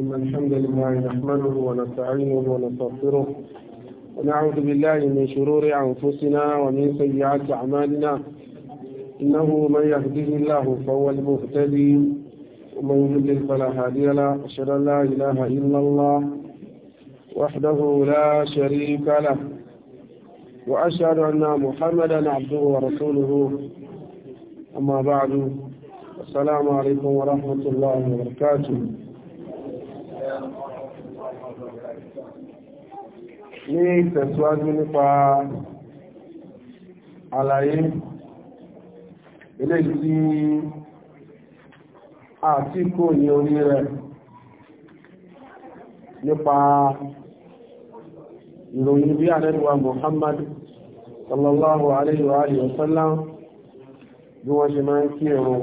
إن الحمد لله نحمده ونستعينه ونستغفره ونعوذ بالله من شرور أنفسنا ومن سيئات أعمالنا إنه من يهده الله فهو المهتدي ومن يضلل فلا هادي له أشهد أن لا إله إلا الله وحده لا شريك له وأشهد أن محمدا عبده ورسوله أما بعد السلام عليكم ورحمة الله وبركاته ní ìtẹ̀síwájú nípa àlàyé eléyìí tí àti kò ní orí rẹ̀ nípa ìròyìn bí àrẹ́lúwà Muhammad sallallahu alaihi wa sallam bí wọ́n ṣe máa ń kí ẹ̀rùn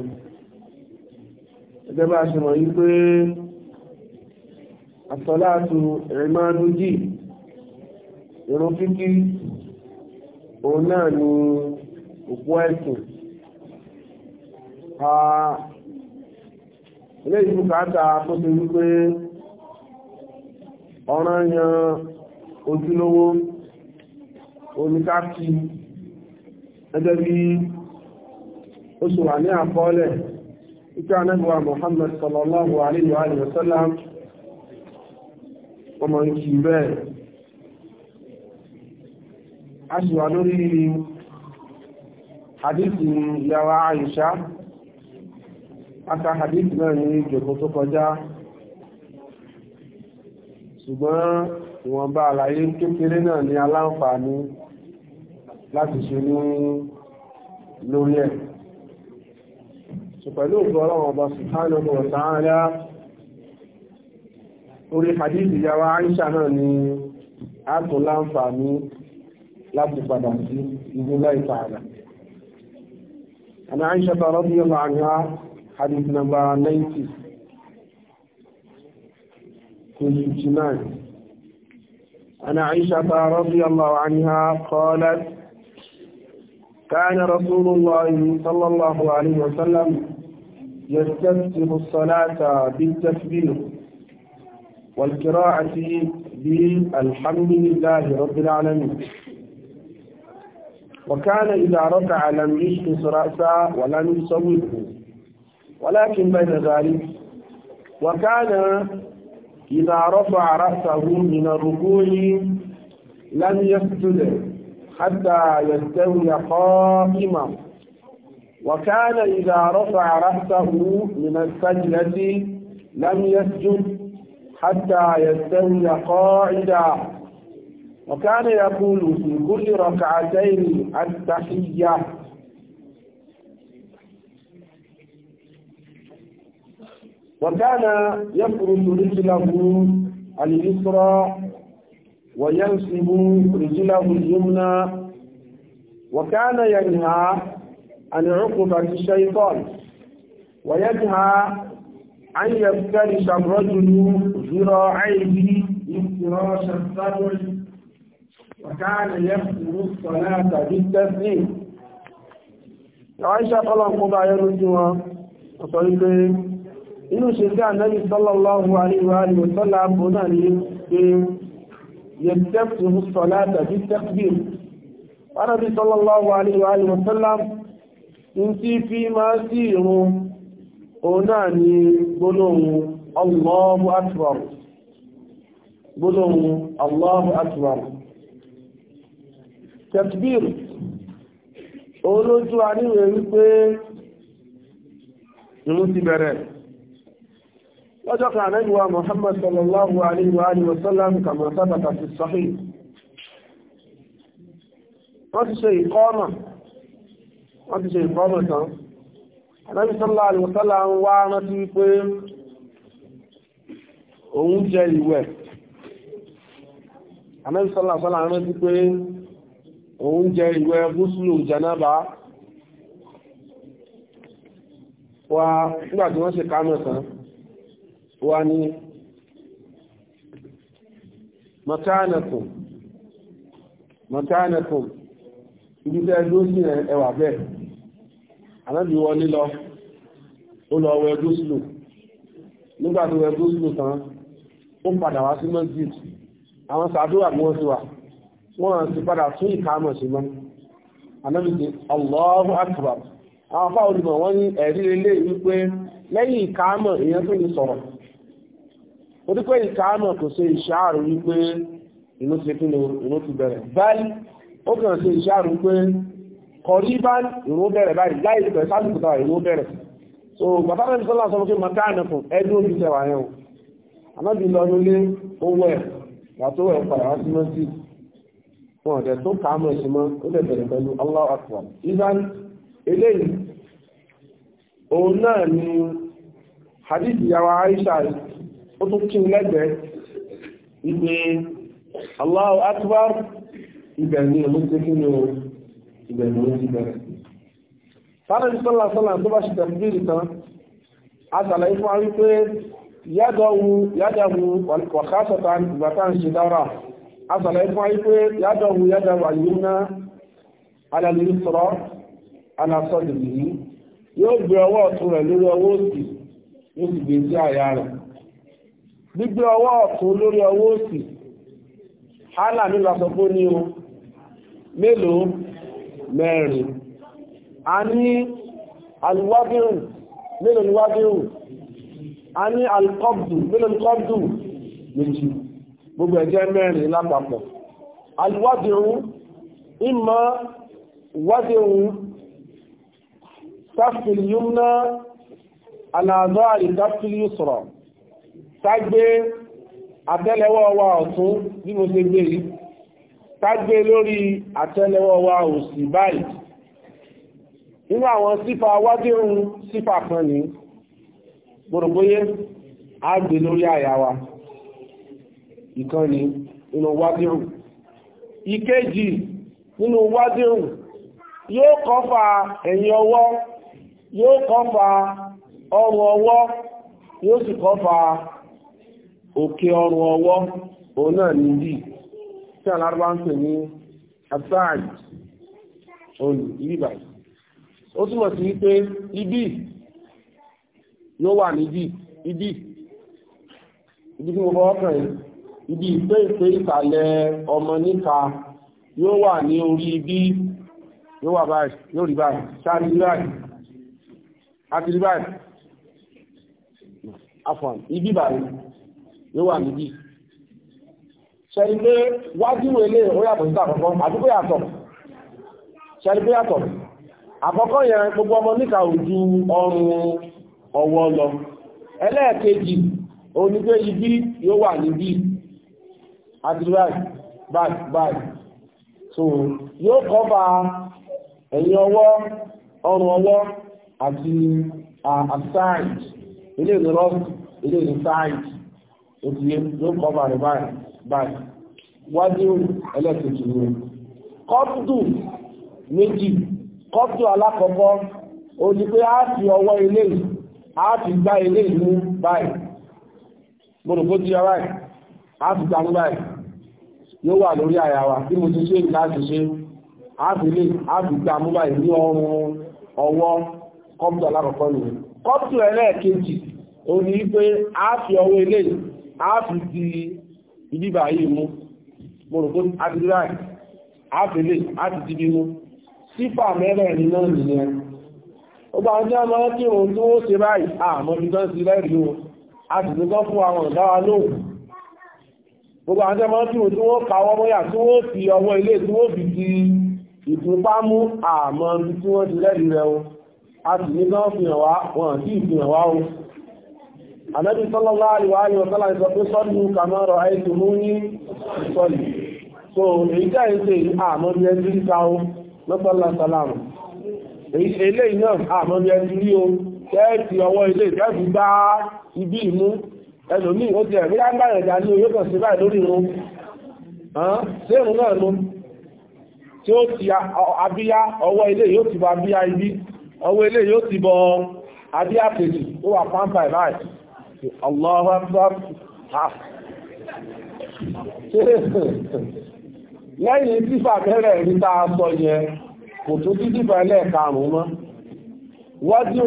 ẹgbẹ́ bá ṣe mọ̀ wípé àsọláàtù ìrìnmáàdójì ìrun kíkí òun náà ni òpó a, ilé ìlú kàátà tó ti wípé ọ̀ràn yan ojúlówó oníkáàkì gẹ́gẹ́ bí ó ṣe wà ní àkọọ́lẹ̀ ìjọ anẹ́bùwà Muhammad sallallahu alayhi wa sallam ọmọ ìkì bẹ́ẹ̀ a sì wà lórí hadithi ìyàwó Àìṣà aka hadith náà ní ìjọkọ̀ tó kọjá ṣùgbọ́n ìwọ̀nba àlàyé kékeré náà ní láti ṣe ní lórí ẹ̀ pẹ̀lú ọgbọ̀rọ̀ ọba subhanahu wa ta'ala orí hadith ìyàwó Aisha náà ni a tún láǹfààní láti padà sí ìlú láì tààlà. Ana Aisha ta radiyallahu anha hadith number 90 59 Ana Aisha ta radiyallahu anha qalat كان رسول الله صلى الله عليه وسلم يستفتح الصلاة بالتكبير والقراءة بالحمد لله رب العالمين وكان إذا ركع لم يشخص رأسه ولم يصوبه ولكن بعد ذلك وكان إذا رفع رأسه من الركوع لم يسجد حتى يستوي قائما وكان إذا رفع رأسه من السجدة لم يسجد حتى يستوي قاعدا وكان يقول في كل ركعتين التحية وكان يفرش رجله اليسرى وينسب رجله اليمنى وكان ينهى العقبة الشيطان وينهى أن يفترش الرجل ذراعيه افتراش الثمر وكان يختم الصلاة بالتسليم عائشة قال قضى يرسوا وصيبه إنه شجاع النبي صلى الله عليه وآله وسلم هنا يستفتح الصلاة بالتكبير النبي صلى الله عليه وآله وسلم tí fi máa sí ìrun òun náà ni gbólóhùn Allahu Akbar gbólóhùn Allahu Akbar takbir olójú aníwẹ̀ wípé ìrun ti bẹ̀rẹ̀ lọ́jọ́ kan ànẹ́gbà sallallahu alaihi wa sallam kàmọ̀ sábàtà fi sahih wọ́n ti ṣe ìkọ́mà wọ́n ti ṣe ìkọ́mọ̀ tán Ànábì sallallahu alaihi wasallam ń wá rántí pé òun jẹ ìwẹ̀ Ànábì sallallahu alaihi wasallam ń rántí pé òun jẹ ìwẹ̀ gúúsùlù jẹnàbà wa nígbàtí wọ́n ṣe kánà tán wa ni makanakum makanakum ibi tẹ́ ló ànábì wọlé lọ ó lọ wẹ gúúsùlù nígbà tó wẹ gúúsùlù tán ó padà wá sí mọ́síd àwọn sàdúrà bí wọ́n ti wà wọ́n ti padà tún ìkámọ̀ sí mọ́ ànábì ti àwọn olùmọ̀ wọ́n ní ẹ̀rí ilé wípé lẹ́yìn ìkámọ̀ èèyàn tó ní sọ̀rọ̀ ó ìkámọ̀ kò ṣe wípé ti kí ni inú ti bẹ̀rẹ̀ báyìí ó kàn ṣe ìṣàrò wípé kọ̀rí bá ìró bẹ̀rẹ̀ báyìí láì pẹ̀ sáàdùkúta ìró bẹ̀rẹ̀ so bàbá mi sọ́lá sọ pé màkà ànàkùn ẹni ó fi tẹwà yẹn o ànábì lọ nílé owó ẹ̀ wàtó ẹ̀ padà wá sí mọ́sí wọn ọ̀dẹ̀ tó kà á mọ̀ sí mọ́ ó lè bẹ̀rẹ̀ pẹ̀lú Allahu Akbar ìbán eléyìí òun náà ni hadith yàwá Aisha ó tún kí lẹ́gbẹ̀ẹ́ ìgbé Allahu Akbar ibẹ̀ ni òun ti kí ni òun ìbẹ̀rù ló ti bẹ̀rẹ̀. Sáàrẹ̀ sọ́là sọ́là tó bá ṣe tẹ̀lifíìrì tán, a ṣàlàyé fún wa wípé yádọ̀wù yádọ̀wù wàkásọ̀tà ìgbàtà ń ṣe dára. A ṣàlàyé fún wa wípé yádọ̀wù yádọ̀wù àyíwúná alàlèrí sọ̀rọ̀ alàsọ̀dì yìí. Yóò gbé ọwọ́ ọ̀tún rẹ̀ lórí ọwọ́ òsì, yóò sì sí àyà rẹ̀. Gbígbé ọwọ́ ọ̀tún lórí ọwọ́ òsì, hálà nílò àsọpọ̀ ní o. Mélòó mẹ́rin a ní alwábírùn mélòó ni wábírùn a ní alkọ́bdù mélòó ni kọ́bdù méjì gbogbo ẹ̀jẹ́ mẹ́rin lápapọ̀ alwábírùn ìmọ̀ wádìrún tafil yumna aláàzọ́rì tafil yusra tágbé àtẹ́lẹwọ́ wa ọ̀tún bí mo ṣe gbé yìí kágbé lórí àtẹ́lẹwọ́ wa òsì báyìí nínú àwọn sífà wádé ohun sífà kan ní gbòrògbóyé ágbé lórí àyà wa ìkan ní nínú wádé ohun ìkéjì nínú wádé ohun yóò kọfà ẹ̀yìn ọwọ́ yóò kọfà ọrùn ọwọ́ yóò sì kọfà òkè ọrùn ọwọ́ òun náà ní bíi alárúbá ń pè ní aside olù ibà ó túmọ̀ sí wípé ibi yóò wà níbi ibi ibi tí mo fọwọ́ kàn yìí ibi ìpé ìpé ìsàlẹ̀ ọmọ níka yóò wà ní orí ibi yóò wà báyìí yóò rí báyìí ṣáàrí báyìí àti rí báyìí afọ̀n ibi báyìí yóò wà níbi ṣẹ̀rí pé wájú ilé ó yàtọ̀ sí àkọ́kọ́ àdúgbò yàtọ̀ ṣẹ̀rí pé yàtọ̀ àkọ́kọ́ yẹn gbogbo ọmọ níta ojú ọrùn ọwọ́ lọ ẹlẹ́ẹ̀kejì onígbé ibi yóò wà níbí àdúrà báyìí báyìí báyìí wájú ẹlẹ́kejì ni kọ́pùtù méjì kọ́pùtù alákọ̀ọ́kọ́ ó ní pé a fi ọwọ́ ilé a fi gbá ilé ìlú báyìí gbọ́dọ̀gbọ́ ti ara ẹ̀ a fi gbà ń báyìí yóò wà lórí àyà wa bí mo ti ṣe láti ṣe a fi lè a fi gbà mú báyìí ní ọrùn ọwọ́ kọ́pùtù alákọ̀ọ́kọ́ nìyẹn kọ́pùtù ẹlẹ́kejì ó ní pé a fi ọwọ́ ilé a fi di ìdíbà yìí mú mo rò pé adúláì àfẹ́lẹ̀ àti ti bí mú sífà mẹ́rẹ̀ ní náà nìyẹn ó bá ọjọ́ máa kí òun tó ṣe báyìí àmọ́ bí tán sí lẹ́rìí o a sì ti kọ́ fún àwọn ọ̀dá wa lóhùn gbogbo àwọn ọjọ́ máa kí òun tó wọ́n ka ọwọ́ mọ́yà tó wọ́n fi ọwọ́ ilé tí wọ́n fi ti ìfúnpá mú àmọ́ bí a sì ní kán fi hàn wá wọn kì í Ànábì sallallahu alaihi wa sallam sọ pé sọ́lù kama ra'aytumuni So, èyí jẹ́ ìṣe àmọ́ bí rí sàlámù. náà àmọ́ bí rí o, kẹ́ẹ̀tì ọwọ́ ilé gbá ibi ìmú. ó ti ẹ̀rí ní sí báyìí lórí Ṣé náà Allahu Akbar lẹ́yìn tífà tẹ́rẹ̀ ní táa sọ yẹn kò tó tí tífà ẹlẹ́ẹ̀karùn-ún mọ́ wájú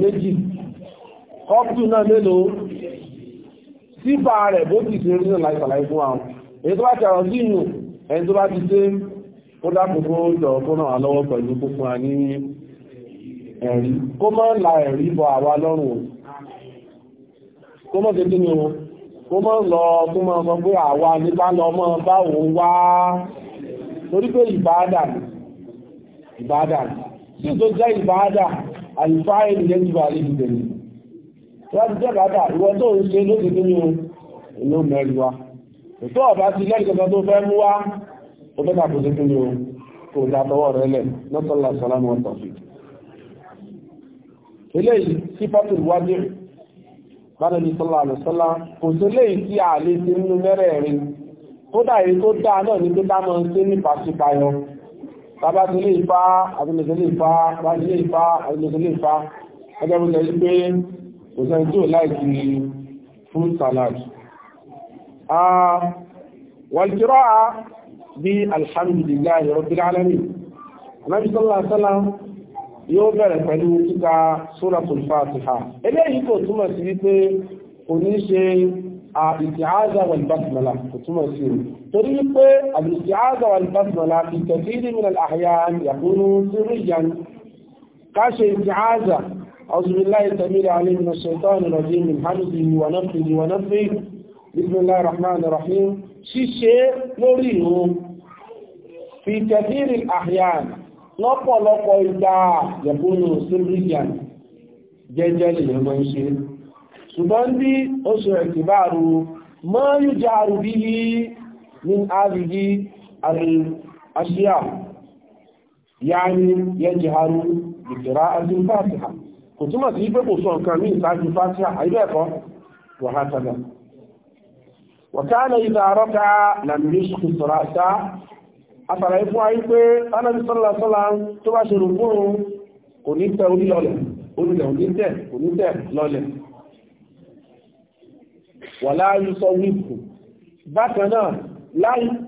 méjì kọ́pù náà mélòó tífà rẹ̀ bó ti ṣe rí náà láìsàlàyé fún àwọn èyí tó bá ti àwọn sínú ẹni tó bá ti ṣe ó dákòókò jọ kó mọ́ tẹ́tẹ́ ní wọn kó mọ́ lọ kó mọ́ sọ pé àwa nípa lọ mọ́ bá òun wá torí pé ìbáadà ni ìbáadà ni tí tó jẹ́ ìbáadà àlùfáà ẹni lẹ́nu bá lè dìde ni láti jẹ́ bàdà ìwọ tó ń ṣe ló ti tó ní inú mẹ́rin wa ètò ọ̀bá ti lẹ́gbẹ̀ẹ́ tó fẹ́ mú wá ó fẹ́ tàbí tó tó ní o kò dá tọwọ́ rẹ lẹ̀ lọ́tọ́lá wájú bánàbí sọ́lá àlùsọ́lá kò tó lè tí a lè ṣe nínú mẹ́rẹ̀ẹ̀rin ó dàrí tó dáa náà ní pé dámọ́ ń ṣe nípa sípayọ bàbá ti lè fa àbúlẹ̀ṣẹ́ lè fa bàbá ti lè fa àbúlẹ̀ṣẹ́ lè yóò bẹ̀rẹ̀ pẹ̀lú kíka suratul Ẹgbẹ́ yìí ko túnmọ̀ túmọ̀ sí wípé kò ní wà al-isti'aza ko túnmọ̀ túmọ̀ sí rẹ̀ torí wà al-isti'aza wal-basmala fi kathiri min al-ahyan yakunu sirriyan ká ṣe isti'aza أعوذ بالله السميع العليم من الشيطان lọ́pọ̀lọpọ̀ ìgbà yẹ̀kúnnù sílvíkìàn jẹ́jẹ́ lèyàn mọ́ ń ṣe ṣùgbọ́n bí ó ṣe ẹ̀kìbáàrù mọ́ yóò jẹ́ àrùbí yìí ní àrígí àṣíà yáni yẹ́jẹ́ àrù ìkìrá àjíńfàtíhà kò túmọ̀ àtàràyé fún ayé pé anábì sọ́lá sọ́lá tó bá ṣe rùkún kò ní tẹ orí lọlẹ̀ orílẹ̀ òní tẹ̀ kò ní tẹ̀ lọlẹ̀ wà láàyè sọ wípù bákan náà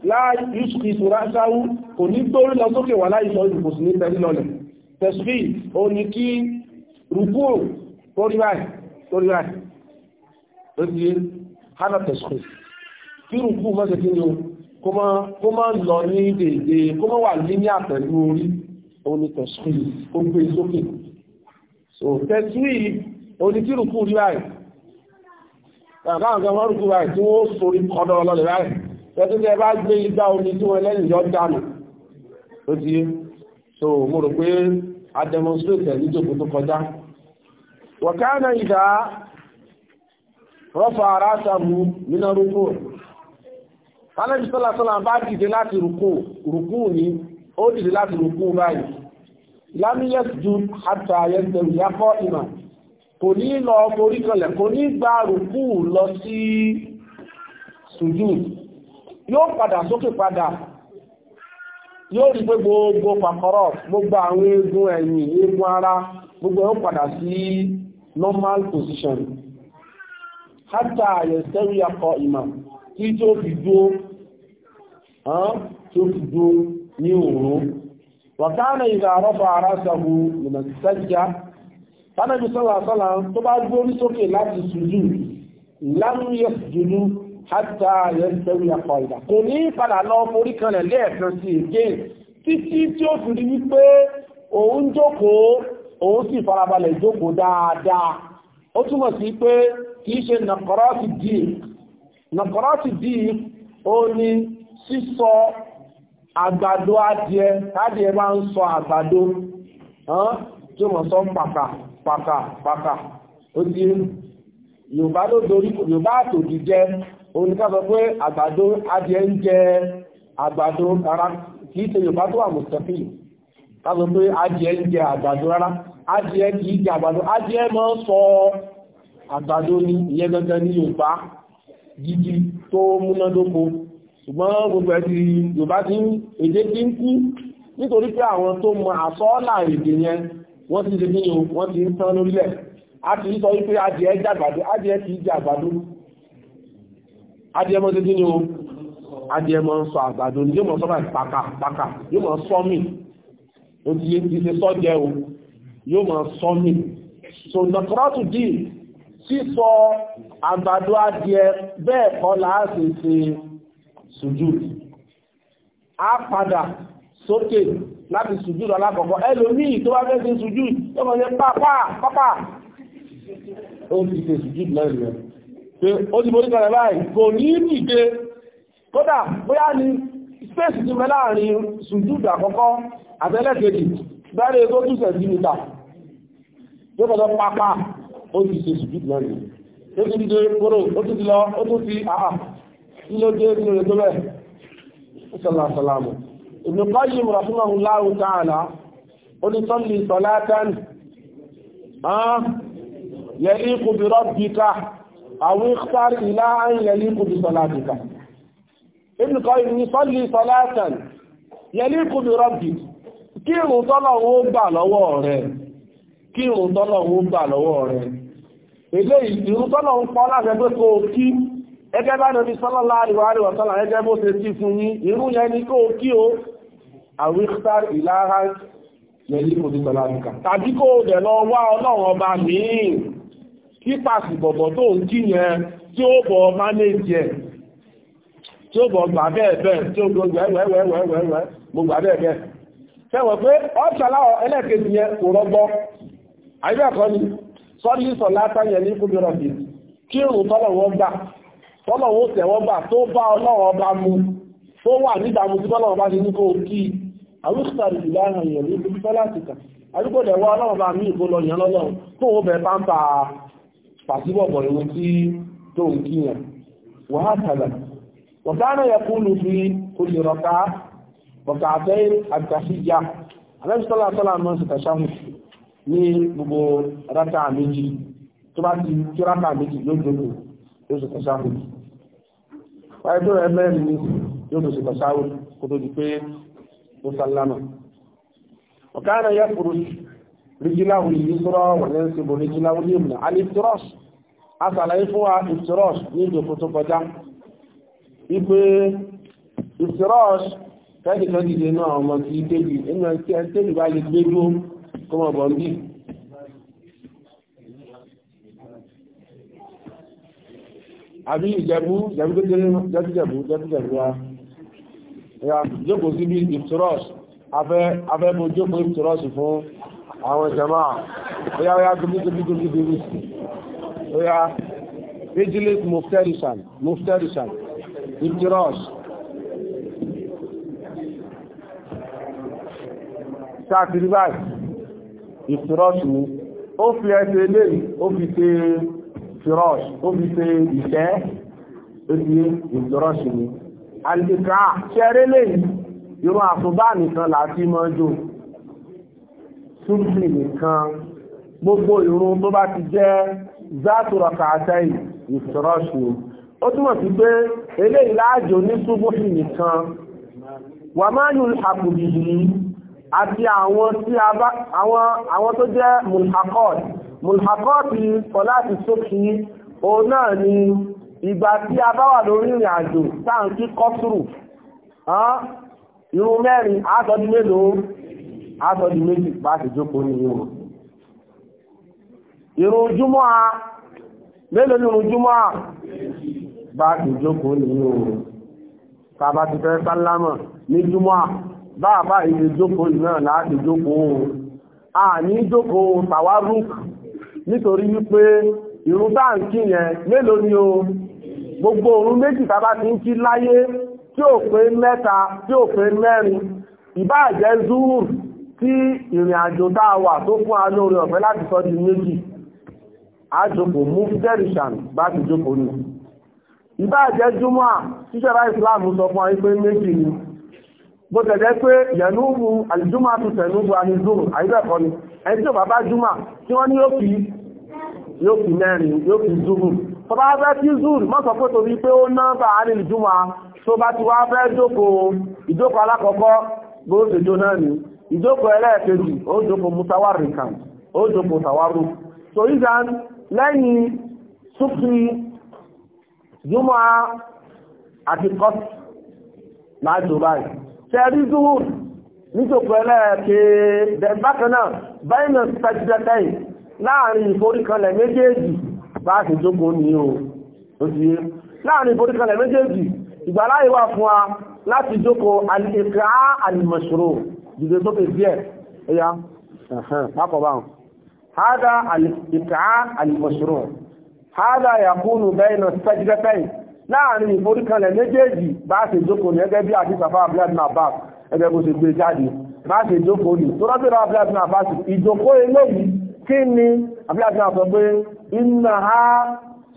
láàyè yusufi ìṣúra ṣáwú kò ní gbórí lọ sókè wà láàyè sọ ìdìbò sí ní tẹ̀lé lọlẹ̀ tẹ̀sùfì ó ní kí rùkún torí báyìí torí báyìí ó ti hánà tẹ̀sùfì kí rùkún mọ́ kó má lọ ní dèdè kó má wà líníà pẹ̀lú orí òun ni tẹ̀sùn ó gbé e sókè so tẹ̀sùn yìí òun ni kírùkù rí báyìí bàbá àwọn ọmọ rúkú báyìí tí wọ́n sórí kọ́dọ̀ ọlọ́lẹ̀ báyìí tẹ́tí tẹ́ bá gbé igbá omi tí wọ́n lẹ́yìn yọ dànù ó ti so mo rò pé a demonstrate ẹ̀ níjòkó tó kọjá wọ̀kánà ìdá rọ́fà ara sàmù nínú rúkú Ànábì sọ́lá sọ́lá bá dìde láti rùkú rùkú ní ó dìde láti rùkú báyìí lámíyẹ́s ju àtà ayẹ́sẹ̀rù yákọ́ ìmọ̀ kò ní lọ forí kanlẹ̀ kò ní gba rùkú lọ sí sùjú yóò padà sókè padà yóò rí pé gbogbo pàkọ́rọ̀ gbogbo àwọn eegun ẹ̀yìn eegun ara gbogbo yóò padà sí normal position àtà ayẹ́sẹ̀rù yákọ́ ìmọ̀ tí tó fi dúó tó fi dúó ní òòrùn wàkánà ìgbà àrọ́fà ara sàmù ìmọ̀ sẹ́jà tánàbí sọ́lá sọ́lá tó bá gbórí sókè láti sùjú lámúyẹ̀ sùjú hátà yẹ́sẹ̀rí àpọ̀ ìdà kò ní padà lọ forí kanlẹ̀ lẹ́ẹ̀kan sí èké títí tí ó fi rí wípé òun jókòó òun sì farabalẹ̀ jókòó dáadáa ó túmọ̀ sí pé kìí ṣe nàkọ́rọ́ ti dìí nàkọ́rọ́tì bí ó ní sísọ àgbàdo adìẹ adìẹ bá ń sọ àgbàdo tí ó mọ̀ sọ pàkà pàkà pàkà ó di yorùbá ló dorí yorùbá di jẹ oníkàtọ̀ pé àgbàdo adìẹ ń jẹ àgbàdo rárá kìí ṣe yorùbá tó wà mùsùlùmí káàkiri pé adìẹ ń jẹ àgbàdo rárá adìẹ kìí jẹ àgbàdo adìẹ máa ń sọ àgbàdo ní ìyẹn gangan ní yorùbá gidi tó múnádóko ṣùgbọ́n gbogbo ẹ̀sì Yorùbá ti ń èdè tí ń kú nítorí pé àwọn tó mọ àsọ́ọ́là èdè yẹn wọ́n ti ṣe kíyàn wọ́n ti ń tán lórílẹ̀ a ti sọ wípé adìẹ jàgbàdo adìẹ ti jẹ àgbàdo adìẹ mọ́ ṣe kíyàn adìẹ mọ́ sọ àgbàdo ni yóò mọ́ sọ́bà pàkà pàkà yóò mọ́ sọ́mì ó ti yé ti ṣe sọ́jẹ́ o yóò mọ́ sọ́mì so sísọ àgbàdo adìẹ bẹ́ẹ̀ kọ́ láàṣẹ ṣe sùjú a padà sókè láti sùjú alákọ̀ọ́kọ́ ẹlòmíì tó wá fẹ́ ṣe sùjú tó mọ̀ sí pápá pápá ó ti ṣe sùjú lẹ́rẹ̀ pé ó ti borí kọ̀rẹ̀ báyìí kò ní nìde kódà bóyá ni space ti mẹ́ láàrin sùjú àkọ́kọ́ àtẹ́lẹ̀kejì bẹ́rẹ̀ tó tún sẹ̀tímítà yóò kọ́ ó ti ṣe sùjúdù náà nìyí ó ti dìde kúrò ó ti lọ ó tún fi àhà kí ló dé nínú ètò bẹ́ẹ̀ sọlá sọlámù Ibn Qayyim rahimahullahu ta'ala ó ní sọ́lì salatan ah, yaliqu bi rabbika àwọn ikhtar ila an yaliqu bi èlé ìrún tọ́nà ń pọ́ láti ẹgbẹ́ kó kí ẹgbẹ́ bá nàbí sọ́lọ́lá àríwáríwá sọ́lá ẹgbẹ́ bó ṣe sí fún yín irú yẹn ni kó kí o àwíkítà ìlàhà lẹ́lí kò dìgbà lábùkà tàbí kó o dẹ̀ lọ wá ọlọ́run ọba míì kí pàṣì bọ̀bọ̀ tó ń kí yẹn tí ó bọ̀ mánéjì ẹ̀ tí ó bọ̀ gbà bẹ́ẹ̀ bẹ́ẹ̀ tí ó gbọ́ wẹ́wẹ́wẹ́wẹ́wẹ́ mo gbà bẹ́ẹ̀ bẹ́ẹ̀ fẹ́wọ̀n pé ọ́ sọ́lí sọ̀lá táyẹ̀ ní kúbi rọ̀bì kí ìrùn tọ́lọ̀wọ́ gbà tọ́lọ̀wọ́ tẹ̀wọ́ gbà tó bá ọlọ́run ọba mu tó wà nídàmú tí tọ́lọ̀wọ́ bá ti ní kó kí àrùsàrì ìlànà yẹ̀ ní kúbi tọ́lá ti kà àdúgbò dẹ̀wọ́ ọlọ́run bá mí ìbò lọ yàn lọ́lọ́run tó wọ́n bẹ̀ pàǹpà pàṣíbọ̀bọ̀ ìwò ní gbogbo rákà méjì tó bá ti kí rákà méjì lójókòó yóò sì kọsá wò wáyé tó rẹ mẹ́rin ní yóò tó sì kọsá wò kó tó di pé ó sálámà ọ̀kánà yẹ kúrò rígíláwò ìlísọ́rọ̀ wọ̀nyẹ́ ń sebo rígíláwò ní ìmùnà aliftirọ́s asàlàyé fún wa kó mọ̀ bọ̀ ń bí. àbí ìjẹ̀bú jẹ̀bú tó jẹ́ jẹ́bú jẹ́bú wa ya jókòó sí bí ìtúrọ́s afẹ́ mú jókòó ìtúrọ́s fún àwọn ìjẹ̀má oya oya gbogbo gbogbo gbogbo oya vigilant muftarisan muftarisan ìtúrọ́s sáà tìrí báyìí ìfìrọ́ṣù ni ó fi ẹsẹ̀ eléyìí ó fi ṣe fìrọ́ṣù ó fi ṣe ìṣẹ́ ó fi ìfìrọ́ṣù ni àlìkà ṣẹ́rẹ́ lẹ́yìn irun àsùbá nìkan láti mọ́jú súnfì nìkan gbogbo irun tó bá ti jẹ́ zátùrọ̀ kàtẹ́ ìfìrọ́ṣù ó túmọ̀ sí pé eléyìí láàjò ní súnfì nìkan wà máa yùn àkùbì yìí àti àwọn tí a bá àwọn tó jẹ́ mulhakot mulhakot sọláàtì sókí òun náà ni ìgbà tí a bá wà lórí ìrìn àjò táǹkì kọ́sùrù irun mẹ́rin àtọ́dí mélòó àtọ́dí méjì bá ti jókòó ní irun irun júmọ́ a mélòó ní irun júmọ́ a bá jókòó ní irun tàbá sálámà ní júmọ́ a báàbá ìlú jókòó náà láti jókòó a ní jókòó tawaruk nítorí wípé ìrun bá ń kí yẹn mélòó ni o gbogbo òun méjì tàbá ti ń kí láyé tí ò pé mẹ́ta tí ò pé mẹ́rin ìbáàjẹ́ zúúrù tí ìrìn àjò tá a wà tó fún alóore ọ̀fẹ́ láti sọ di méjì àjòkò mú fẹ́rìṣàn bá ti jókòó nù ìbáàjẹ́ júmọ́ tíṣẹ́ra ìsìláàmù sọ fún ayé pé méjì ni bó tẹ̀jẹ́ pé yẹ̀núbù àlìjúmà tó tẹ̀núbù àhìzùrù àìbẹ̀kọ́ ni ẹni tí ó bàbá júmà tí wọ́n ní yóò fi mẹ́rin yóò fi zúrù tó bá fẹ́ tí zúrù mọ́ sọ pé torí pé ó ná bá àlìjúmà tó bá ti wá fẹ́ jókòó ìjókòó alákọ̀ọ́kọ́ bó ṣe jó náà ni ìjókòó ẹlẹ́ẹ̀kejì ó jókòó mutawarrikan ó jókòó tàwárù so ìzàn lẹ́yìn súnkì júmọ́ àti kọ́sì láàjò báyìí tẹ́rí zuhur nítòkù ẹlẹ́ẹ̀kẹ́ bákanáà báyìí tẹ́jẹ́tẹ́yìn láàrin ìforíkanlẹ̀ méjèèjì bá ti jókòó ní o ó ti yé láàrin ìforíkanlẹ̀ méjèèjì ìgbàláyé wà fún wa láti jókòó alìkà alìmọ̀ṣòro dìde sókè díẹ̀ ẹ̀yà pápọ̀bá hada alìkà alìmọ̀ṣòro hada yakunu bẹ́yìn tẹ́jẹ́tẹ́yìn láàrin ìforíkanlẹ̀ méjèèjì bá ṣe jókòó ní ẹgẹ́ bí àti sàfà abúlẹ́dùn àbá ẹgbẹ́ bó ṣe gbé jáde bá ṣe jókòó ní tó rábìrì abúlẹ́dùn àbá sí ìjókòó eléyìí kí ni abúlẹ́dùn àbá pé inna ha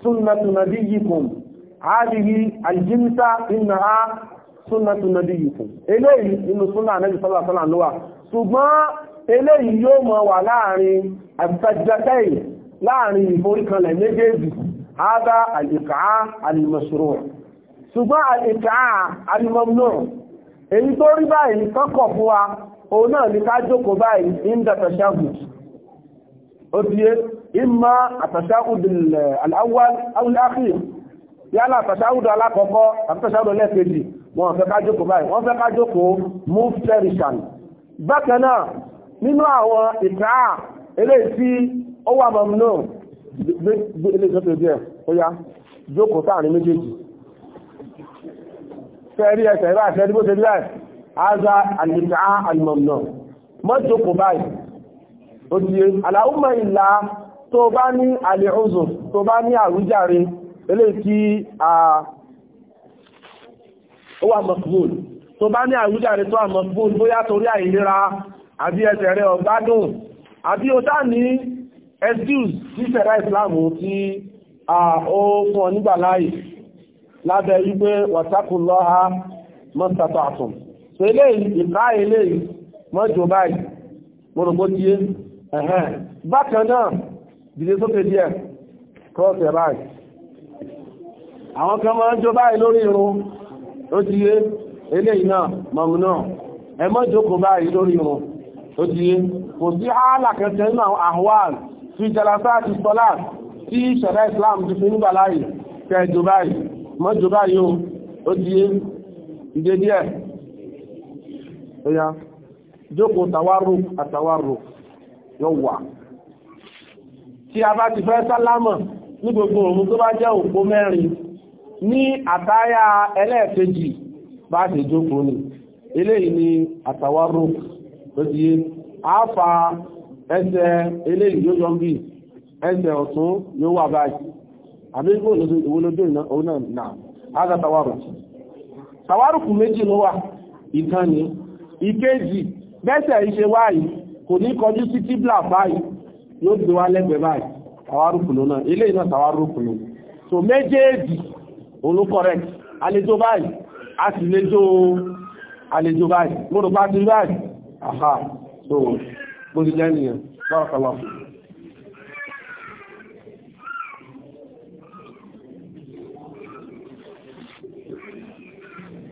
sunnatu nabiyyikum hadihi aljinsa inna ha sunnatu nabiyyikum eléyìí inú súnà nẹ́bí sọ́lá sọ́lá ló wà ṣùgbọ́n eléyìí yóò mọ̀ wà láàrin láàrin ìforíkanlẹ̀ méjèèjì هذا الإقعاء المشروع ṣùgbọ́n الإقعاء الممنوع èyí tó rí báyìí kọ́kọ̀ fún wa òun náà ní ká jókòó báyìí inda tashahhud ó ti yé imma at-tashahhud al-awwal aw al-akhir yálà tashahhud alákọ̀ọ́kọ́ àti tashahhud lẹ́ẹ̀kejì wọ́n fẹ́ ká jókòó báyìí wọ́n fẹ́ ká jókòó muftarishan bákan náà nínú àwọn gbé ilé ìjọba ìdí ẹ̀ ó yá jókòó sáàrin méjèèjì fẹ́rí ẹsẹ̀ ìbá àti ẹdíbó tẹ́lẹ̀ áza àlìkà àlìmọ̀nà mọ́jókòó báyìí ó ti yé aláwùmọ̀ ìlà tó bá ní àlìhúzù tó bá ní àrújáre eléyìí tí a ó wà mọ̀kúbùl tó bá ní àrújáre tó wà mọ̀kúbùl bóyá torí àìlera àbí ẹsẹ̀ rẹ̀ ọ̀gbádùn àbí excuse tí ṣẹ̀dá ìsìláàmù tí a ó fún ọ nígbà lábẹ́ wípé mọ́sàtọ̀ àtùn so ilé ìká ilé mọ́jọ báyìí ẹ̀hẹ́n bákan náà dìde sókè díẹ̀ cross àwọn kan máa báyìí lórí irun ó ilé iná mọ̀mù náà ẹ mọ́jọ kò báyìí lórí irun fi jalasa àti sọ́lá tí ṣẹ̀dá Islam ti fi nígbà láàyè kẹ Dubai mọ́ Dubai yóò ó di ìdé díẹ̀ ẹ̀yà jókòó tàwárò àtàwárò yóò wà tí a bá ti fẹ́ sálámọ̀ ní gbogbo òun tó bá jẹ́ òpó mẹ́rin ní àtáyà ẹlẹ́ẹ̀kejì bá ti jókòó ni eléyìí ni àtàwárò ó di Ese eléyìí yóò yọ bí ẹsẹ̀ ọ̀tún yóò wà báyìí àbí ìgbò ìwòlódé òun náà ága tàwárùkù tàwárùkù méjì ló wà ìkan ìkéjì bẹ́sẹ̀ iṣẹ́ wáyìí kò ní kọjú sí tíblà báyìí yóò gbé wá lẹ́gbẹ̀ẹ́ báyìí tàwárùkù bó ti jẹ́ nìyẹn bárakàlá.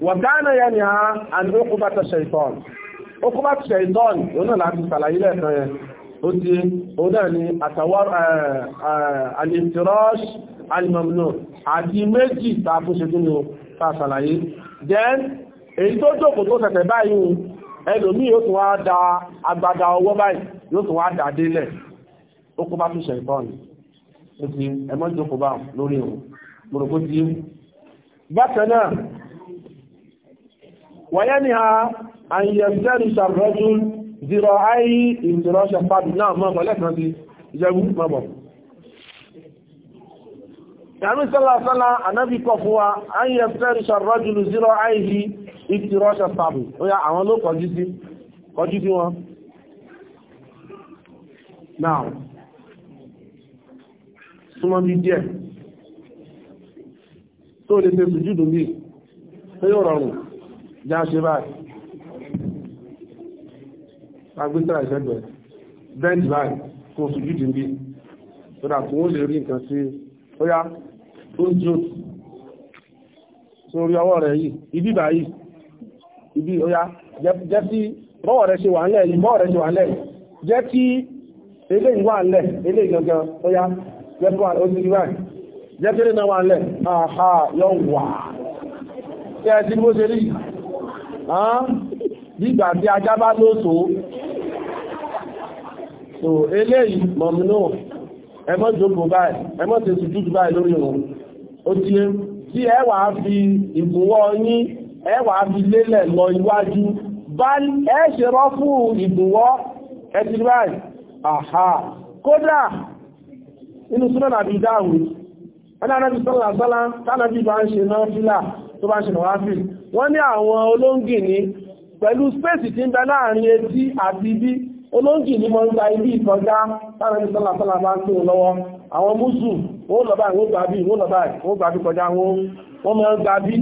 wọ̀dáná yẹn ni a àdúró kó bá tẹ̀sẹ̀ ìtọ́ọ̀nù ó kó bá tẹ̀sẹ̀ ìtọ́ọ̀nù òun náà láti sàlàyé lẹ́ẹ̀kan yẹn ó ti òun náà ni àtàwọn àlèntìrọ́ṣì alìmọ̀mùnà àti méjì tààkùn ṣe kí ni ó ta sàlàyé then èyí tó jókòó tó tẹ̀tẹ̀ báyìí ẹlòmí yóò tún wá da agbada ọwọ́ báyìí yóò tún wá dà délẹ̀ ó kó bá túnṣẹ̀ ìbọn ó ti ẹmọ́ tí ó kó bá lórí ìrùn mọ̀rọ̀kó ti bákan náà wọ́yẹ́ ni a àyẹ̀fẹ́rì ṣàrọ́jú zero ayi ìrìnṣẹ́ pàdù náà mọ́ ọ̀pọ̀lẹ́ kan ti jẹ́gú mọ́bọ̀ ìyàmí sọ́lá sọ́lá anábì fún wa àyẹ̀fẹ́rì ṣàrọ́jú zero ayi ìtì russia tàbí Oya, àwọn ló kọjú sí kọjú sí wọn now súnmọ́ bí díẹ̀ tó lè fẹ́ sùjúdù bí tó yóò rọrùn já ṣe báyìí agbésà ìṣẹ́gbẹ̀ bend báyìí kò sùjúdù bí tó dà kún ó lè rí nǹkan sí óyá tó jù sórí ọwọ́ rẹ̀ yìí ibí báyìí ibi ọya jẹ́ sí bọ́wọ̀ rẹ̀ ṣe wà ńlẹ̀ yìí bọ́wọ̀ rẹ̀ ṣe wà ńlẹ̀ jẹ́ kí ilé ìwà ńlẹ̀ ilé ìgangan ọya jẹ́ kí wà ó ti ríwá jẹ́ kí náà wà ńlẹ̀ àhà yọ wà tí ẹ ti bó ṣe rí gbígbà tí ajá bá lóso so eléyìí mọ̀mínú ẹmọ́ jókòó báyìí ẹmọ́ tẹ̀sùn jújù báyìí lórí òun ó ti tí ẹ wà fi ìbúwọ́ yín ẹwà fi lélẹ̀ lọ iwájú bá ẹ ṣe rọ́ fún ìbùwọ́ ẹtì báyìí àhà kódà inú súnmọ́ nàbí dáhùn ẹlẹ́rẹ́bí sọ́lá sọ́lá tánàbí bá ń ṣe náà fílà tó bá ń ṣe náà wáfí wọ́n ní àwọn olóńgì ní pẹ̀lú spéèsì tí ń bẹ láàrin etí àti ibi olóńgì ní mọ́ ń gba ibi ìkọjá tánàbí sọ́lá sọ́lá bá ń tó lọ́wọ́ àwọn mùsù wọ́n lọ wọ́n gbà wọ́n lọ wọ́n gbà kọjá wọ́n mọ́ ń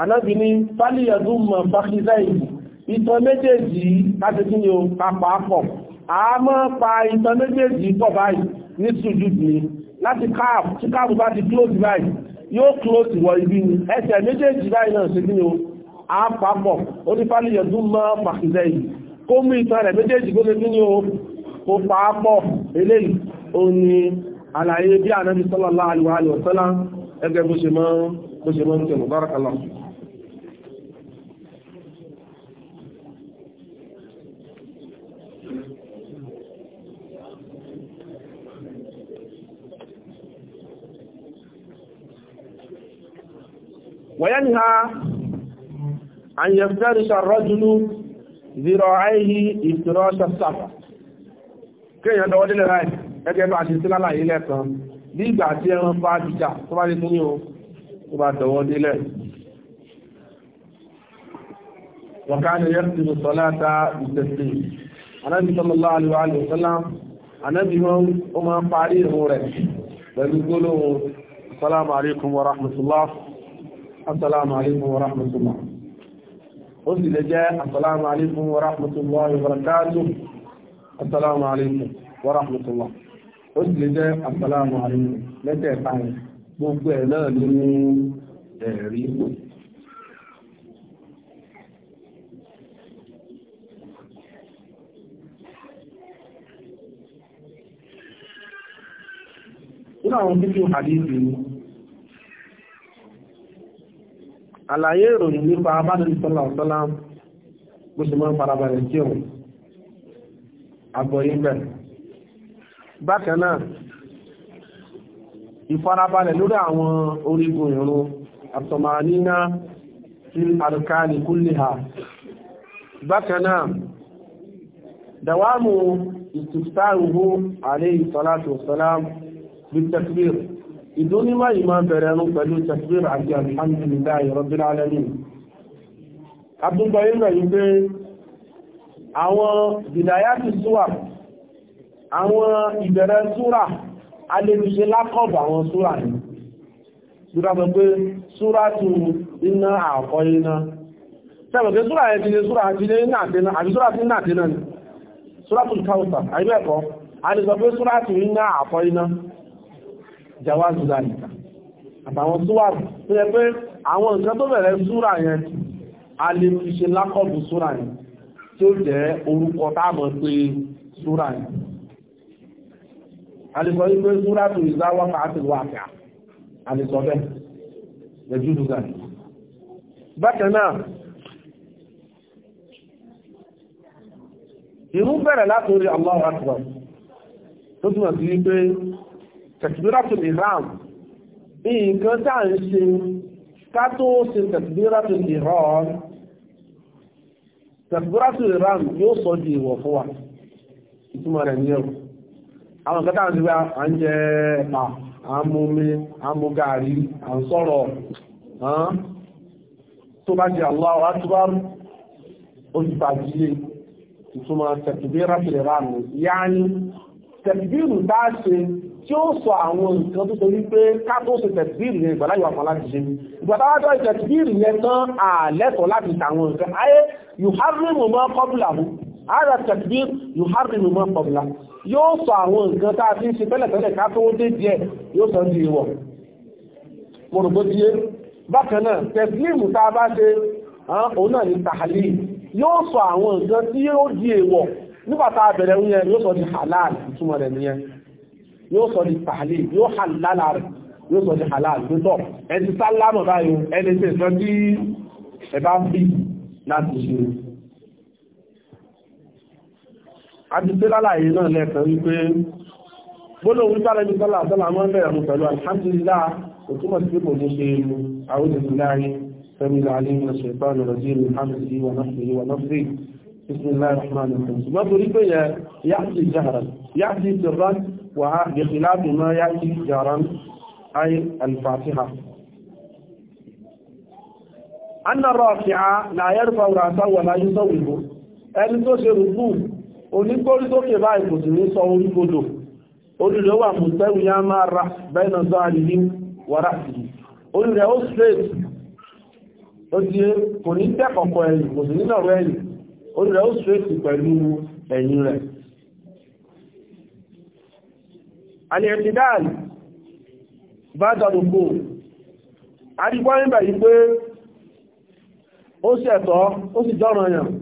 anábi ní fálíyàdún mọ̀ fàkìzá ìlú ìtàn méjèèjì láti kí ni o papà pọ̀ a pa ìtàn méjèèjì pọ̀ báyìí ní sùjúdù ni láti káàpù tí káàpù bá ti close báyìí yóò close wọ ibi ni ẹsẹ̀ méjèèjì báyìí náà ṣe kí ni o a papọ̀ ó ní fálíyàdún mọ̀ fàkìzá ìlú kó mú ìtàn o kó papọ̀ eléyìí ó ní àlàyé bí ànábi sallallahu alaihi wa sallam ẹgẹ́ bó ṣe mọ́ ń tẹnu barakallahu. وينهى أن يفترش الرجل ذراعيه افتراش السفر kéèyàn dọwọ́ délẹ̀ láì ẹgẹ́ bá ṣe sí lálàyé lẹ́kan bí ìgbà tí ẹran bá jíjà tó bá lè fún ní o tó bá dọ̀wọ́ délẹ̀ wọ̀kánà yẹ́kùtù sọ́láta ìtẹ̀sí anábi sallallahu alaihi wa sallam anábi wọn ó máa ń parí ìrun rẹ̀ pẹ̀lú gbólóhùn assalamu alaikum wa rahmatullah assalamu alaikum wa rahmatullah ó sì lè jẹ́ assalamu alaikum wa rahmatullah wa barakatuh assalamu alaikum wa rahmatullah ó sì assalamu alaikum gbogbo ẹ̀ náà ló ní ẹ̀rí nínú àwọn títí hadithi ni àlàyé ìròyìn nípa abádọ́lì sọ́lá ọ̀sọ́lá bó ṣe mọ́ farabalẹ̀ tí òun àgbọ̀yí bẹ̀ bákan náà ìfarabalẹ̀ lórí àwọn orígun ìrun àtọ̀màníná fil arkani kulliha bákanáà dawamu istiftaruhu alayhi salatu wassalam bil takbir ìdónímọ̀ ìmọ̀ bẹ̀rẹ̀ ẹnu pẹ̀lú takbir àti alhamdulillahi rabbil alamin abúgbọ̀yí mẹ́rin pé àwọn bìdáyàtì súwà àwọn ìbẹ̀rẹ̀ súrà alébíṣe lákọ̀ọ̀bù àwọn súra ní ṣúra sọ pé súra tu iná àkọ́ iná tẹ́bẹ̀tẹ́ súra ẹ̀ ti lè súra ti lè nàtẹ́nà àti súra ti nàtẹ́nà ni súra tu káwùsà àìbẹ̀ẹ̀kọ́ a lè sọ pé súra tu iná àkọ́ iná jawazu dáríta àtàwọn súra tó yẹ pé àwọn nǹkan tó bẹ̀rẹ̀ súra yẹn alébíṣe lákọ̀ọ̀bù súra yẹn tí ó jẹ́ orúkọ táàmọ̀ pé súra yẹn àlìsọ yìí pé súrà tó ìzáwọ́ máa ti wà àfíà àlìsọ bẹ́ẹ̀ lẹ́jú dùgbà bákan náà ìrun bẹ̀rẹ̀ látorí Allahu Akbar tó túnmọ̀ sí wípé takbiratul ihram nǹkan táà ń ṣe ká tó ṣe takbiratul ihram takbiratul ihram yóò sọ di ìwọ̀ fún wa ìtumọ̀ rẹ̀ ní ẹ̀rù àwọn kẹta àti wá à ń jẹ ẹ̀pà à ń mumi à ń mu gààrí à ń sọ̀rọ̀ tó bá jẹ Allahu Akbar olùbàjílé ìtumọ̀ tẹ̀kìbíra fìlẹ̀ ránù yáni tẹ̀kìbírù bá ṣe tí ó sọ àwọn nǹkan tó torí pé ká tó ṣe tẹ̀kìbírù yẹn ìgbàlá ìwà kan ara takbir yóò hárìmù mọ́ pọ̀bùlá yóò sọ àwọn nǹkan tá a fi ń ṣe tẹ́lẹ̀tẹ́lẹ̀ ká tó dé díẹ̀ yóò sọ di ìwọ̀ mọ̀rọ̀gbọ́díé bákan náà tẹ̀sílìmù tá a bá ṣe òun náà ní tàhálì yóò sọ àwọn nǹkan tí yóò halal ìtumọ̀ rẹ̀ nìyẹn yóò halal rẹ̀ yóò sọ di halal tó tọ̀ ẹni sálámọ̀ báyìí àdìsí lálàyé náà lẹ́ẹ̀kan wípé gbọ́dọ̀ wípé alẹ́bí sọ́lá àtọ́là máa ń bẹ̀rẹ̀ mú pẹ̀lú alhamdulillah kò túmọ̀ sí kò ní ṣe ìlú àwọn ìdíláyé fẹ́mi láàrin ṣe ìpánu rẹ̀ sí ìlú hamdi wà náfẹ́ onígbórí sókè báyìí kò sì ní sọ orí gbodò olùrẹ̀ wà mùsẹ́wì yá máa ra bẹ́ẹ̀nà sọ àrílí wàrà sí olùrẹ̀ ó straight ó ti kò ní tẹ́kọ̀kọ̀ ẹ̀yìn kò sì nínà rẹ̀ ẹ̀yìn olùrẹ̀ ó straight pẹ̀lú ẹ̀yìn rẹ̀ alẹ́ẹ̀tìdáàlì bá dọ̀dùgbò ó sì jọ́ràn yàn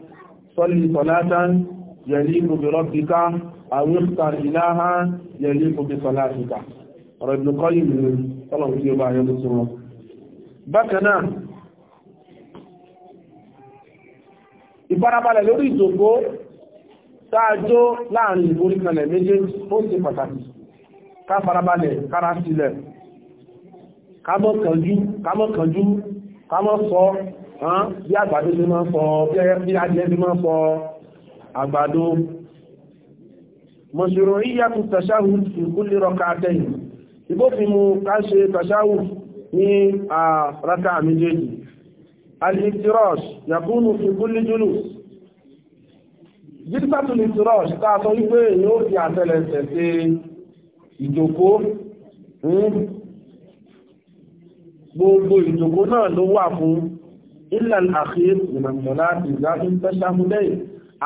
sọ́lì sọ́látán yẹ̀lì ìbòbí rọ́bìká àwíkà ìláhá yẹ̀lì ìbòbí sọ́látìká ọ̀rọ̀ ìbùkọ́ ìlú tọ́lọ̀wọ́ tí ó bá yẹ́ lóṣù wọn bákanáà ìfarabalẹ̀ lórí ìjòkó sáájó láàrin ìforíkanlẹ̀ méjèèjì ó ṣe pàtàkì ká farabalẹ̀ kára sílẹ̀ ká mọ́ kánjú ká mọ́ kánjú ká mọ́ sọ bí àgbàdo ti máa ń fọ bí adìẹ ti máa ń fọ àgbàdo mọ̀ṣùrù ìyàtù tàṣáhù ti kú lè rọ́ka àtẹ́yìn ìbófin mú ká ṣe tàṣáhù ní àrákà méjèèjì al-iftirash yakunu fi kulli julus jírísàtù al-iftirash tààtọ wípé yóò fi àtẹ́lẹsẹ̀ sí ìjòkó hmm? gbogbo ìjòkó náà ló wà fún ilẹ̀ àkíyè ìrìnàmọ̀lá ìgbàdún tẹ́sàmúlẹ̀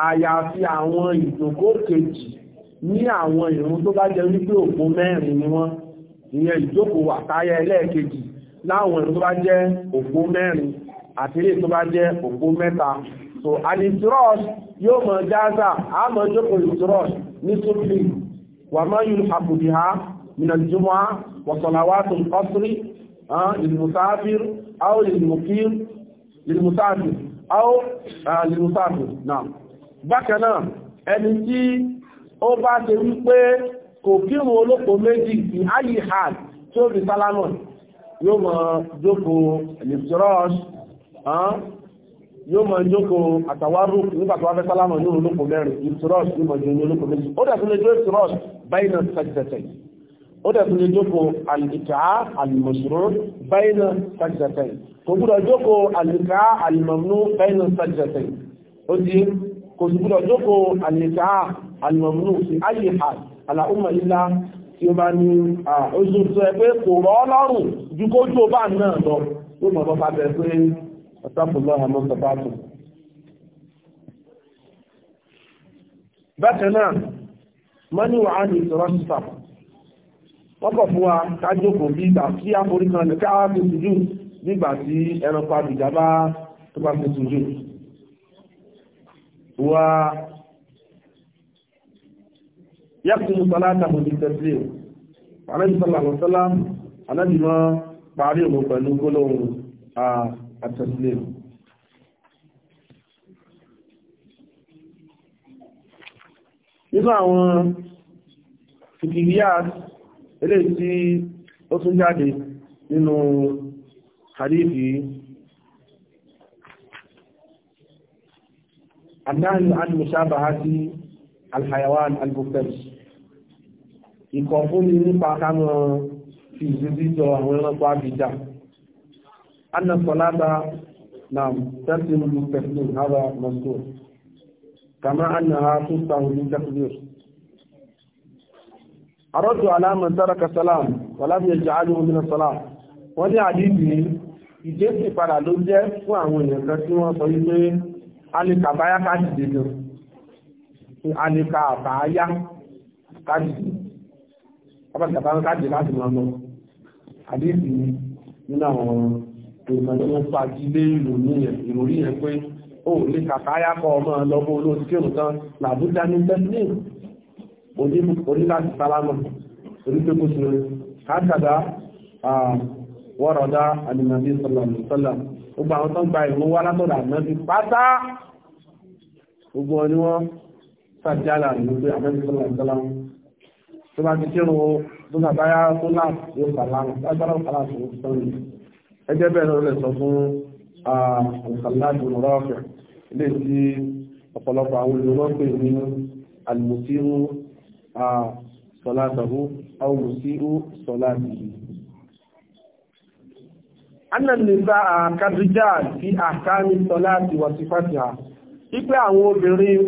àyàfi àwọn ìjókòó kejì ní àwọn ìrun tó bá jẹ́ wípé òpó mẹ́rin ni wọ́n ìyẹn ìjókòó àtayẹ ẹlẹ́ẹ̀kejì láwọn ìrun tó bá jẹ́ òpó mẹ́rin àti ilé tó bá jẹ́ òpó mẹ́ta so alitros yóò mọ̀ jáza a mọ̀ jókòó litros ní sófin wà mọ́ yìí àbùdí ha mìnàjúmọ́ wọ̀sọ̀làwà tó kọ́sírí ìlmùsáfír áwọn ìlmùkír lèmùsáàtì áó lèmùsáàtì náà bákanáà ẹni tí ó bá ṣe wípé kò kírun olóko méjì sí ayi hàn tí ó fi sálámà yóò mọ̀ jókòó lèmùsírọ́ọ̀ṣì yóò mọ̀ jókòó àtàwárù nígbàtí wọ́n fẹ́ sálámà yóò olóko mẹ́rin lèmùsírọ́ọ̀ṣì yóò mọ̀ jókòó olóko méjì ó dẹ̀ tún lè jókòó lèmùsírọ́ọ̀ṣì báyìí náà ó dẹ̀ tún lè jókòó àlìkà àlìmọ̀ṣòro bẹ́ẹ̀nà sàjẹ̀tẹ̀ kò gbúdọ̀ jókòó àlìkà àlìmọ̀mú bẹ́ẹ̀nà sàjẹ̀tẹ̀ ó di kò gbúdọ̀ jókòó àlìkà àlìmọ̀mú sí ayé ha àlàúmọ̀ ilá tí ó bá ní oṣù tó ẹ pé kò rọ́ lọ́rùn ju kó jó bá náà lọ ló mọ̀ bọ́fà bẹ̀ pé ọ̀sáfùlọ́ àmọ́ sọ̀tàtù bákan náà mọ́níwàá ní ìtọ́rọ́sítàpù kọ́kọ̀ fún wa kájókòó bí ìgbà tí àforí kan lè káwá fi sùjú nígbà tí ẹranko àbìjà bá tó bá fi sùjú wa yàtúnú sọ́látà mọ̀ ní tẹ̀sílẹ̀ alẹ́bí sọ́lá àlọ́sọ́lá alẹ́bí mọ́ parí òun pẹ̀lú gbólóhùn àtẹ̀sílẹ̀ nínú àwọn fìkìríyà ilé tí ó tún jáde nínú hadithi annáhìn al-mushabahati al-hayawan al-bukhtari ìkọ̀ fún ni nípa kánà fi ìsìnkú àwọn ẹranko àbíjà anna salata نعم ترجم للتكبير هذا مذكور كما أنها تفتح للتكبير àrọ́tò aláàmù táraka salam wàlábí ẹjọ́ alìmọ̀mínà salam wọ́n ní àdíjì ìjẹ́sì padà ló jẹ́ fún àwọn èèyàn kan tí wọ́n sọ wípé alìkà báyá káàdìdì gan alìkà àbáyá káàdìdì abájá bá ń káàdìdì láti máa lọ àdíjì nínú àwọn èèyàn tó ń fagilé ìròyìn yẹn pé ó lè kàkáyà kọ ọmọ ọlọ́gbọ́n olóòtú kí làbújá ní tẹ́sílẹ̀ oníláti sálámà onígbégbó sí orí kákàdá wọ́rọ̀dá alìmọ̀bí sọ̀lọ̀mùsọ́lọ̀ gbogbo àwọn tó ń gba ìrún wá látọ̀dà àmọ́bí pátá gbogbo ọni wọ́n sàjálà ìrúgbé àmọ́bí sọ̀lọ̀mùsọ́lọ̀ tó bá ti kírun tó sàbáyá tó láti yóò sàlámù lágbára sàlámù sọ̀rọ̀ ẹgbẹ́ bẹ́ẹ̀ lọ́rẹ̀ sọ fún àlùsàlámù sọ̀látàhú ọwọ́ sí ó sọ̀látàhú. Annan nìta àkàdíjá sí àkámi sọ̀láti wà sí fàtíhà. Ipé àwọn obìnrin,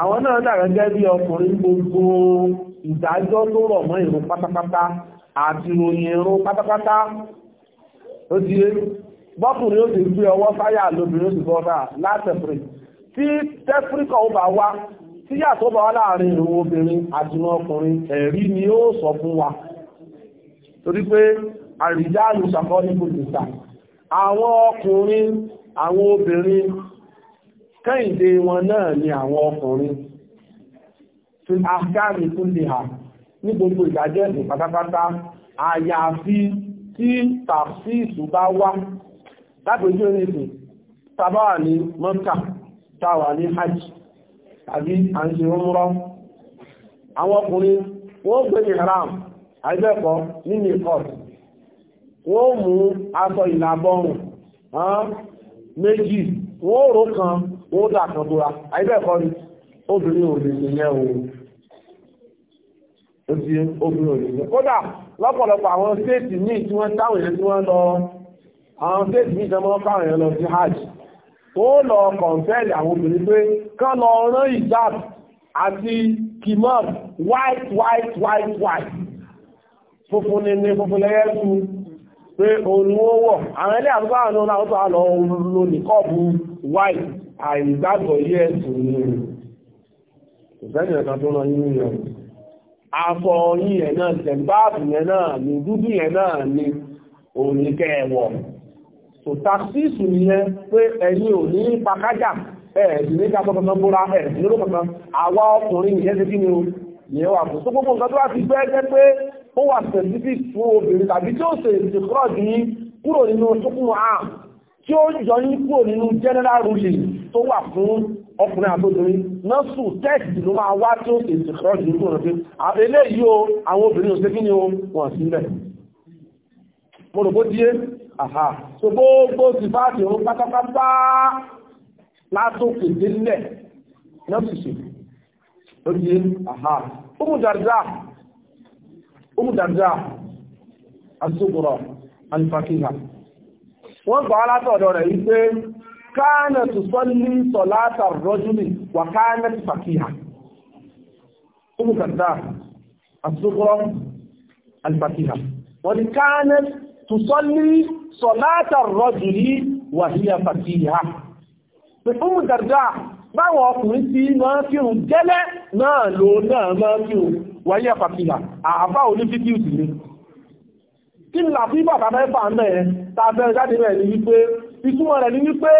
àwọn náà dàrẹ jẹ́ bí ọkùnrin gbogbo ìdájọ́ ló rọ̀ mọ́ ìrun pátápátá àti ìròyìn ìrun pátápátá. Ó ti yé, bọ́kùnrin ó ti gbé ọwọ́ fáyà lóbìnrin ó ti bọ́ tí yàtọ̀ bá wá láàrin ìrùn obìnrin àti ọkùnrin ẹ̀rí ni ó sọ fún wa torí pé àrìjáàlù sàkọ́ ní bùkìtà àwọn ọkùnrin àwọn obìnrin kẹ́yìndé wọn náà ni àwọn ọkùnrin tí afghani tún lè hà ní gbogbo ìdájọ́ ẹ̀sìn pátápátá àyàfi tí tàfíìsù bá wá lápèjú ẹ̀sìn tàbáwà ní mọ́kà tàwà ní hajj àbí à ń ṣe umrah àwọn ọkùnrin wọ́n gbé ìhram àìbẹ́ẹ̀kọ́ nínú ìkọ́t wọ́n mú aṣọ ìlàbọ̀rùn méjì wọ́n rò kan wọ́n dà kan bóra àìbẹ́ẹ̀kọ́ ni obìnrin ò lè ṣe yẹ́ ohun ó ti obìnrin ò lè ṣe kódà lọ́pọ̀lọpọ̀ àwọn stéètì míì tí wọ́n táwọn èèyàn tí wọ́n lọ àwọn stéètì míì tí wọ́n káwọn èèyàn lọ sí hajj tó lọ kọ̀ǹtẹ́lì àwọn obìnrin pé kán lọ rán ìjáàb àti kìmọ́b white white white white funfun ni ni funfun lẹ́yẹ tu pé òun ó wọ̀ àwọn ilé àtúbà àwọn ọ̀nà àwọn àlọ́ lo nìkọ́ọ̀bù white àìgbàgbọ́ yẹ ẹ̀sùn ni kò sẹ́ni ẹ̀ka tó rán yín yẹn afọ yín yẹn náà tẹ̀gbáàbù yẹn náà so taxis nìyẹn pé ẹ̀yin ò ní pakájà ẹ̀ẹ̀dì ní ká tọ́tọ́ bóra ẹ̀ẹ̀dì lóró kankan àwa ọkùnrin nìyẹn ti kí o ìyẹn wà fún so gbogbo nǹkan tó wá ti gbẹ́ jẹ́ pé ó wà fún obìnrin tàbí tí ó general ruling tó wà fún ọkùnrin àtòbìnrin nọ́ọ̀sù tẹ́ẹ̀kì ló máa wá tí ó ṣe ìdìkúrọ̀ ní kúrò nínú eléyìí o àwọn obìnrin ò ṣe kí ni o wọ̀n sílẹ̀ mo rò bó díẹ̀ àhá so gbogbo ti bá ti rún pátápátá látòkè délẹ̀ lọ́sùsù lórí àhá Umu Darda Umu Darda asúgbùrọ̀ alifakíhà wọ́n gbà látọ̀dọ̀ rẹ̀ wípé káànà tó sọ́lí sọ̀látà rọ́júlì wà káànà tó fàkíhà Umu Darda asúgbùrọ̀ alifakíhà wọ́n ni káànà tó تصلي صلاة الرجل وهي فقيهة أم الدرداء báwọn ọkùnrin tí máa kírun gẹ́lẹ́ náà ló náà máa kírun wáyé àpàkìyà àbá olífíkì ìsì ni kí ni làfí bàbá mẹ́fà mẹ́ẹ̀ tàbẹ́ jáde rẹ̀ ní wípé ìtumọ̀ rẹ̀ ní wípé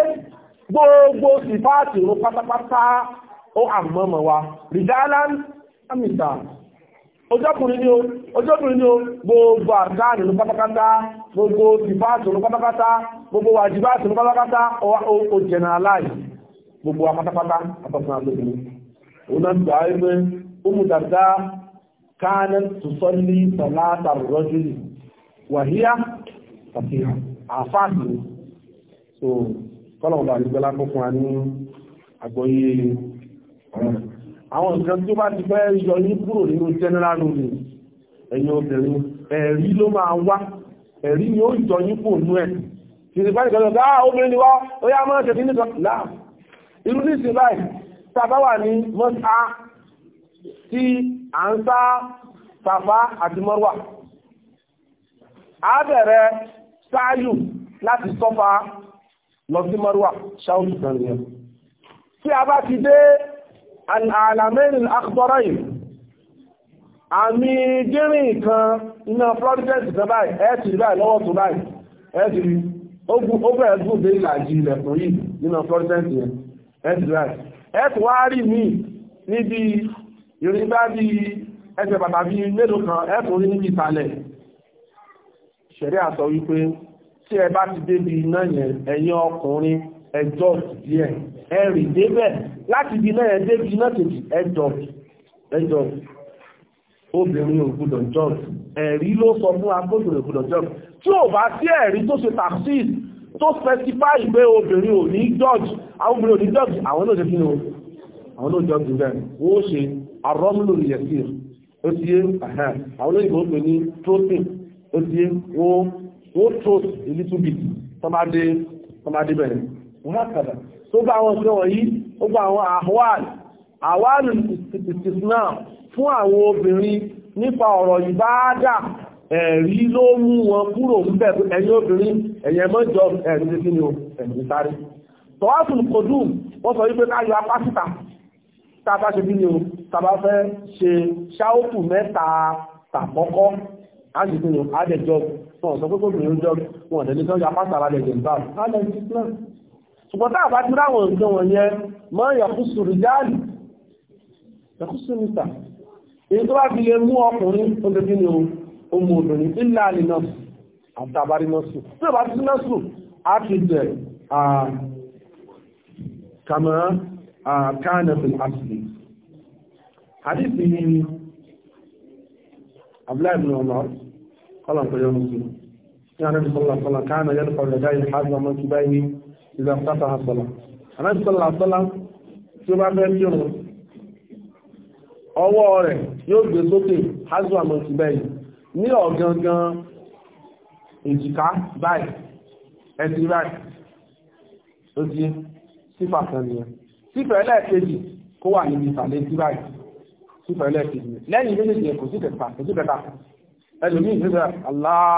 gbogbo sífáàtì rún pátápátá ó àmọ́mọ̀ wa rìdálán amìta ọjọ́kùnrin ni o ọjọ́kùnrin ni o gbogbo àgáàrì ló pátákátá gbogbo ìfáàtò ló pátákátá gbogbo wàjíbáàtò ló pátákátá o generalize gbogbo apátápátá apátápátá lóbìnrin òun náà gbà wípé umu dàdá káánẹ́ tùsọ́lì sọ̀láta rọ́júlì wàhíyá tàbí so kọ́lọ̀ ọ̀dà àdúgbẹ́lá fún wa ní àwọn nǹkan tó bá ti fẹ́ yọ ní kúrò nínú general rule ẹ̀yin obìnrin ẹ̀rí ló máa wá ẹ̀rí ni ó jọ yín kò nú ẹ̀ ìsìn bá nìkan lọ́gbà obìnrin ni wá ó yá máa tẹ̀sí nìkan láà irú ní ìsìn báyìí tàbá wà ní mọ́ta tí à ń sá Sàfá àti Mọ́rwà a bẹ̀rẹ̀ sáyù láti sọ́fà lọ sí Mọ́rwà ṣáwùsù kan nìyẹn tí alàmẹ́rin akọ̀rọ̀yìn àmì jírin kan iná protest kan báyìí ẹ̀ẹ́tì báyìí lọ́wọ́ tó báyìí ẹ̀ẹ́tì ogun ẹ̀ẹ́gùn dé ìlàjì ilẹ̀kùn yìí nínú protest yẹn ẹ̀ẹ́tì báyìí ẹ̀ẹ́tì wá rí mi níbi ìrìnbá bí ẹsẹ̀ bàbá bí mélòó kan ẹ̀ẹ́tì orí níbi ìsàlẹ̀ ṣẹ̀rí àsọ wípé tí ẹ bá ti débi iná yẹn ẹ̀yin ọkùnrin ẹjọ́ díẹ̀ ẹ̀rì débẹ̀ láti ibi náà ẹdé bí náà tètè ẹjọ́ ẹjọ́ obìnrin ògbúdọ̀ jọ́ ẹ̀rí ló sọ fún agbóbìnrin ògbúdọ̀ jọ́ tí ò bá sí ẹ̀rí tó ṣe taxis tó specify pé obìnrin ò ní judge àwọn obìnrin ò ní judge àwọn náà ṣe kí ni o àwọn náà judge bẹ́ẹ̀ ó ṣe arọ́múlò yẹ̀sí ó ti yé àwọn olóyìnbó pè ní protein ó ti yé ó ó trot a little bit tọ́mádé tọ́mádé bẹ̀rẹ̀ وهكذا طبعا وشوهي طبعا وأحوال àwárí ìsìsìnà fún àwọn obìnrin nípa ọ̀rọ̀ ìbáádà ẹ̀rí ló mú wọn kúrò níbẹ̀ ẹ̀yin obìnrin ẹ̀yẹ mọ́jọ ẹ̀rin tí ni o ẹ̀rin sáré tọ́wọ́sùn kòdù wọ́n sọ wípé ká yọ apá síta tàbá ṣe bí ni o tàbá fẹ́ ṣe ṣáókù mẹ́ta tàkọ́kọ́ ájìkú ni o ájẹjọ wọn sọ pé kó ṣùgbọ́n tá àbá ti ráwọn ǹkan wọ̀nyẹn mọ́ yàkúsù rìjáàlì yàkúsù nìta èyí tó bá fi lè mú ọkùnrin tó lè bínú ọmọ obìnrin ilẹ̀ àlè náà àtàbárí nọ́sù tí ó bá ti nọ́sù á ti jẹ kàmọ́ kánẹ̀fìn àṣìlẹ̀ àdìsí ni abúláì bin ọmọ kọlọ̀kọ̀ yọ ní àrẹ́bìsọ́lọ̀kọlọ̀ kánà yẹ́lùkọ̀ rẹ̀ ìgbà pátá àsọ̀lá àmẹ́sọ̀lá àsọ́lá tí ó bá fẹ́ kí òun ọwọ́ rẹ̀ yóò gbé sókè hásù àmọ̀tì bẹ́yìn ní ọ̀gangan èjìká báyìí ẹ̀sìn báyìí ó di sífà kan nìyẹn sífà ẹlẹ́ẹ̀kejì kó wà níbi ìsàlẹ̀ sí báyìí sífà ẹlẹ́ẹ̀kejì lẹ́yìn méjèèjì kò sí kẹta kò sí kẹta ẹlòmíì nígbà aláà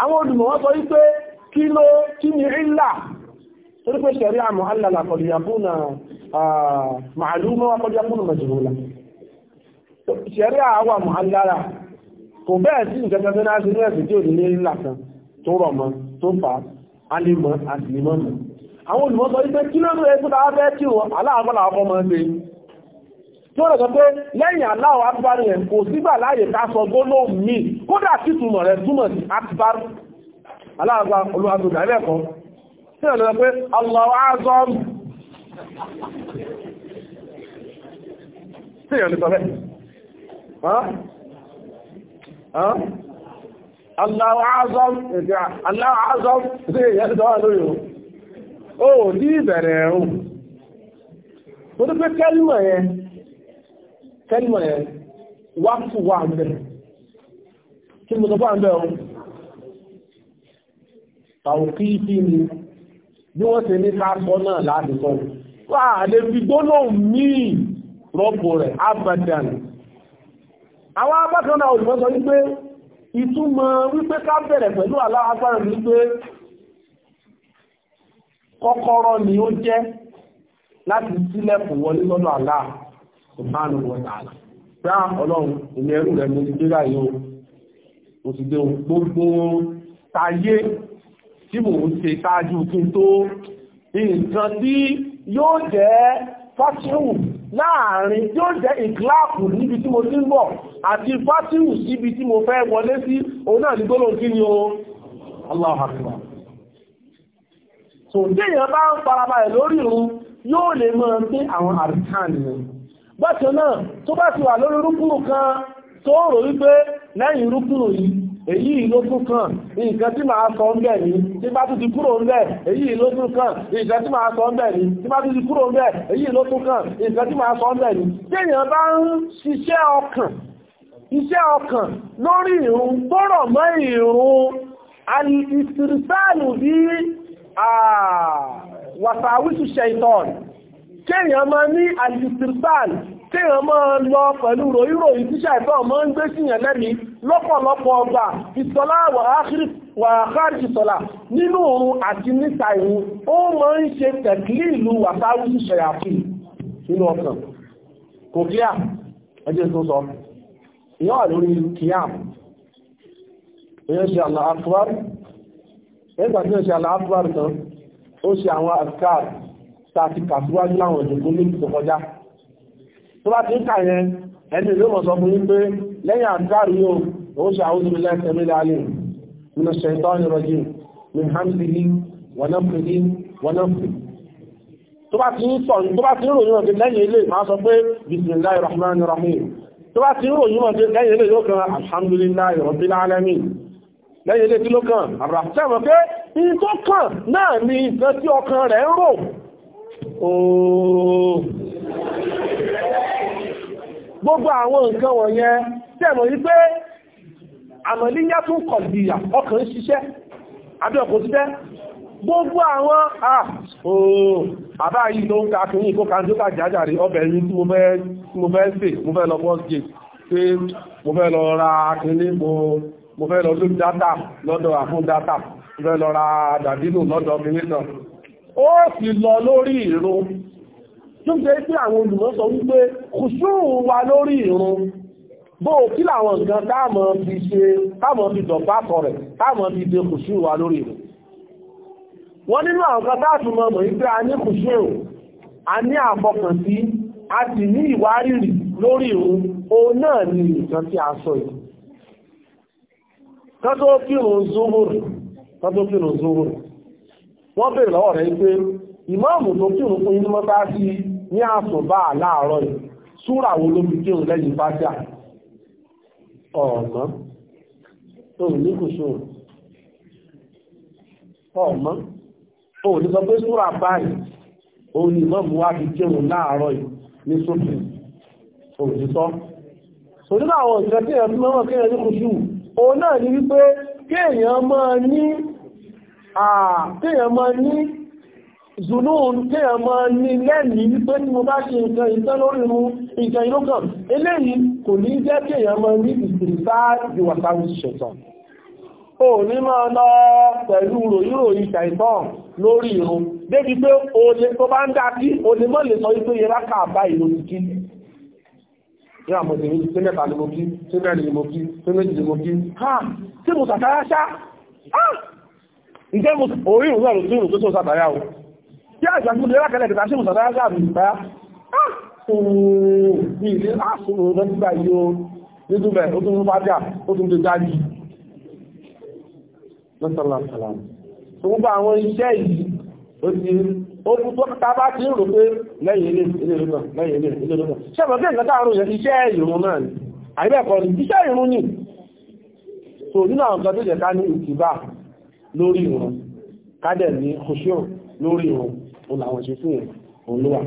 àwọn olùmọ̀wọ́ sọ wípé kí ló kí ni ìlà torí pé ṣẹ̀rí àmọ́ alàlà kọ̀dìyàkúnà màálùmọ́ wa kọ̀dìyàkúnà màjìlúlà ṣẹ̀rí àwà mọ̀ alàlà kò bẹ́ẹ̀ sí ìjẹ́gbẹ́gbẹ́ náà sí ní ẹ̀sìn tí ò ní ìlà kan tó rọ̀ tó rẹ̀ sọ pé lẹ́yìn Allahu akbar yẹn kò sígbà láàyè ká sọ gbólóhùn mi kódà sí túmọ̀ rẹ̀ túmọ̀ sí akbar aláàgbà olùwàgbà ẹlẹ́kọ̀ọ́ tí ó lọ pé Allahu azam tí ó lè sọ bẹ́ẹ̀ Allahu azam Allahu azam tí èyàn ti dọ́wà lórí o ní ìbẹ̀rẹ̀ ẹ̀rùn kẹ́lìmọ̀ ẹ̀ wá fún wà ń bẹ̀rẹ̀ kí mo sọ fún àbẹ̀ ọ̀hún àwọn kí fi ni bí wọ́n ṣe ní káàkọ́ náà láti sọ wà lè fi gbóná míì rọ́pò rẹ̀ abadan àwọn apákan náà olùmọ́ sọ wípé ìtumọ̀ wípé ká bẹ̀rẹ̀ pẹ̀lú aláàgbára wípé kọ́kọ́rọ́ ni ó jẹ́ láti sílẹ̀kùn wọlé lọ́nà aláà sùpánù wọ̀tàlá rá ọlọ́run ìmẹ̀ ẹrù rẹ̀ mo ti dé báyìí o mo ti dé ohun gbogbo tayé tí mò ń ṣe ṣáájú kí n tó nǹkan tí yóò jẹ́ fásihù láàrin yóò jẹ́ ìkláàpù níbi tí mo ti ń bọ̀ àti fásihù síbi tí mo fẹ́ wọlé sí òun náà ní gbólóhùn kí ni o Allahu Akbar so déèyàn bá ń farabalẹ̀ lórí ìrun yóò lè mọ̀ pé àwọn àrùkàn nìyẹn bákan náà tó bá ti wà lórí rúkúrù kan tó rò wípé lẹ́yìn rúkúrù yìí èyí ìlókún kan nǹkan tí màá sọ ń bẹ̀ ní tí bá tún ti kúrò ń bẹ̀ èyí ìlókún kan nǹkan tí màá sọ ń bẹ̀ ní tí bá tún ti kúrò ń bẹ̀ èyí ìlókún kan nǹkan tí màá sọ ń bẹ̀ ní tí èèyàn bá ń ṣiṣẹ́ ọkàn iṣẹ́ ọkàn lórí ìrun tó rọ̀ mọ́ ìrun ìsìrìsáàlù bí wàsàwísù ṣẹ̀tọ̀n kéèyàn máa ní àìsìrìsáàlù téèyàn máa lọ pẹ̀lú ròyìnròyìn tíṣà ìfẹ́ ọmọ ń gbé síyàn lẹ́mí lọ́pọ̀lọpọ̀ ọgbà ìsọlá wà ákárìkì sọlá nínú òun àti níta ìrun ó máa ń ṣe tẹ̀kílì ìlú wàtáwù ṣẹ̀yàfì nínú ọkàn kò kíá ẹjẹ́ tó sọ ìyá wà lórí kíám ìyẹn ṣe àlà akbar nígbà tí ó ṣe àlà tán ó ṣe àwọn àkàr tá a láwọn ìdògbò méjì tó kọjá tó bá ti ń kà yẹn ẹni ìlú mọ̀sán fún yín pé lẹ́yìn àdúrà yóò ó ṣe àwọn òṣèlú lẹ́sẹ̀mí lálẹ́ nínú ṣẹ̀tọ́ ìrọ̀jì ní hamsidi wọnàfìdí wọnàfìdí tó bá ti ń sọ tó bá ti ń ròyìn ọ̀dẹ lẹ́yìn ilé máa sọ pé bisimilahi rahman rahim tó tí ló kàn àràfẹ́mọ̀ pé in tó kàn náà ni ìgbẹ́ tí ọkàn rẹ̀ ń rò ooo gbogbo àwọn nǹkan wọ̀nyẹn tẹ̀mọ̀ yí pé àmọ̀líyá tún kọ̀lìyà ọkàn ń ṣiṣẹ́ àbí ọkọ̀ ṣiṣẹ́ gbogbo àwọn àà bàbá yìí ló ń ka kìí ìkó kan tó kàjájà rí ọbẹ̀ rí tí mo fẹ́ sè mo fẹ́ lọ first gate pé mo fẹ́ lọ ra kìíní mo fẹ́ lọ lórí dátà lọ́dọ̀ àfún dátà mo fẹ́ lọ ra dàbínú lọ́dọ̀ mínísàn ó sì lọ lórí ìrún tó jẹ́ sí àwọn olùmọ̀ sọ wípé kùsùn wa lórí ìrun bó kí làwọn nǹkan táàmọ̀ fi ṣe táàmọ̀ fi dọ̀gbá kọ rẹ̀ táàmọ̀ fi de kùsùn wa lórí ìrun wọ́n nínú àwọn kan táàtùmọ̀ mọ̀ wípé a ní kùsùn a ní àfọkànsí a sì ní ìwárìrì lórí ìrun o ni nǹkan tí a sọ yìí kan tó kírun zuhur kan tó kírun zuhur wọ́n fún inú mọ́ta sí ní àsùnbà láàárọ̀ yìí súrà wo ló fi kéhùn lẹ́yìn fásíà ọ̀mọ́ tó ní kò ṣòro ọ̀mọ́ ó ní sọ pé súrà báyìí ó ní ìmọ̀mù wá fi kéhùn láàárọ̀ yìí ní sókè òjìtọ́ onígbà àwọn ìṣẹ́ tí ẹ̀mí mọ́wọ́ kéèyàn ní kùsù o náà ní wípé kéèyàn máa ní zùlùún tí a mọ́ ní lẹ́nìí wípé tí mo bá ṣe nǹkan ìtẹ́ lórí mú nǹkan ìlókàn eléyìí kò ní jẹ́ kí èèyàn mọ́ ní ìsìnká ìwàsáwí ṣẹ̀tàn ò ní máa lọ pẹ̀lú ròyìnròyìn ṣàìtàn lórí ìrun débi pé olè tó bá ń dá sí olè mọ́ lè sọ wípé yẹra káàbá ìlú kí ní àmọ̀dé ní tí mẹ́ta ni mo kí tí mẹ́rin ni mo kí tí méjì ni mo kí ha tí mo sàtàrà ṣá ìjẹ́ mo orí ìrun náà lóṣù ìrun tó tó sàtàrà o tí a ìṣàjú lè rákẹ̀lẹ̀ kẹta sí mùsàdá láàrín ìgbà ní ilé àṣòro lọ́gbà yóò nígbẹ̀ ó tún fájá ó tún tó dájì lọ́sọ̀lọ́sọ̀lọ́m tó gbogbo àwọn iṣẹ́ yìí ó ti ó tún tó kẹta bá ti ń rò pé lẹ́yìn ilé ìlú náà lẹ́yìn ilé ìlú náà ṣẹ́bọ̀ kí nǹkan táàrùn yẹn iṣẹ́ ìrún náà ni àìbẹ̀kọ́ ni iṣẹ́ ìrún ni tò nínú àwọn nǹkan tó jẹ́ ká ní ìtìbà lórí ìrún ká dẹ̀ ní kòṣíọ̀ lórí ìrún ó làwọn ṣe sí yẹn òun ló wà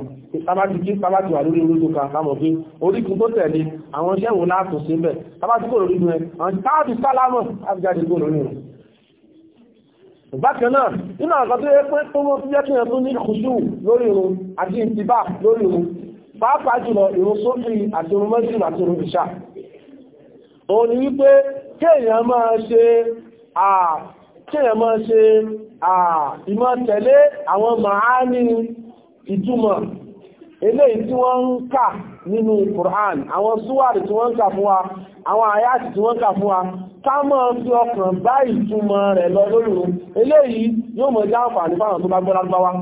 tábàtì kí tábàtì wà lórí orí tó kan lámọ̀ pé orígun tó tẹ̀lé àwọn iṣẹ́ wo láàtò sí bẹ̀ tábàtì kò lórí rẹ̀ àwọn tábàtì sálámọ̀ láti jáde kó lórí rẹ̀ bákan náà nínú àwọn tó yẹ pé tó mọ́ tó yẹ kí ẹ̀tún ní kùsù lórí irun àti ìtìbá lórí irun pàápàá jùlọ irun sókè àti irun mẹ́sìn àti irun ìṣà òun ni wípé kéèyàn máa kí ẹ máa ṣe ìmọ̀ tẹ̀lé àwọn màání ìtumọ̀ eléyìí tí wọ́n ń kà nínú Qur'an àwọn súwàrí tí wọ́n ń kà fún wa àwọn àyàtì tí wọ́n ń kà fún wa ká máa fi ọkàn bá ìtumọ̀ rẹ̀ lọ lórí run eléyìí yóò mọ̀ jẹ́ àǹfààní fáwọn sùn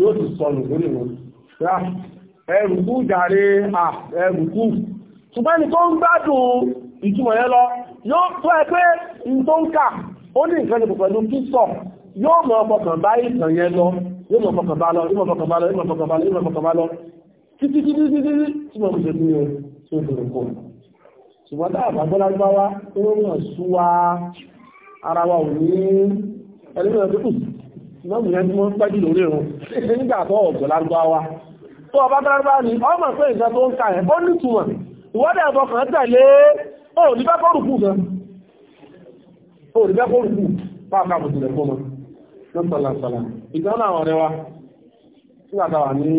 yóò ti sọnù lórí wọn ẹrùkú jàre ẹrùkú ṣùgbọ́n ni tó ń gbádùn ìtumọ̀ yẹn lọ yóò tó ẹ pé n tó ń kà ó ní nǹkan ní pẹ̀lú kíkọ̀ yóò mọ ọkọ̀kan bá ìtàn yẹn lọ yóò mọ ọkọ̀kan bá lọ yóò mọ ọkọ̀kan bá lọ yóò mọ ọkọ̀kan bá lọ ìmọ̀mù yẹn tí wọ́n ń pẹ́jù lórí irun nígbà tó ọ̀gbọ̀n lárúbáwá tó ọba lárúbáwá ni ọmọ pé nǹkan tó ń ka ẹ̀ ó nítumọ̀ ìwọ́dẹ̀ ẹ̀fọ́ kan tẹ̀lé ó ní bẹ́ kórùkù gan ó ní bẹ́ kórùkù pàápàá kò tilẹ̀ fún wọn lọ́sọ̀lọ́sọ̀lá ìgbọ́n àwọn ọ̀rẹ́ wa nígbà táwà ní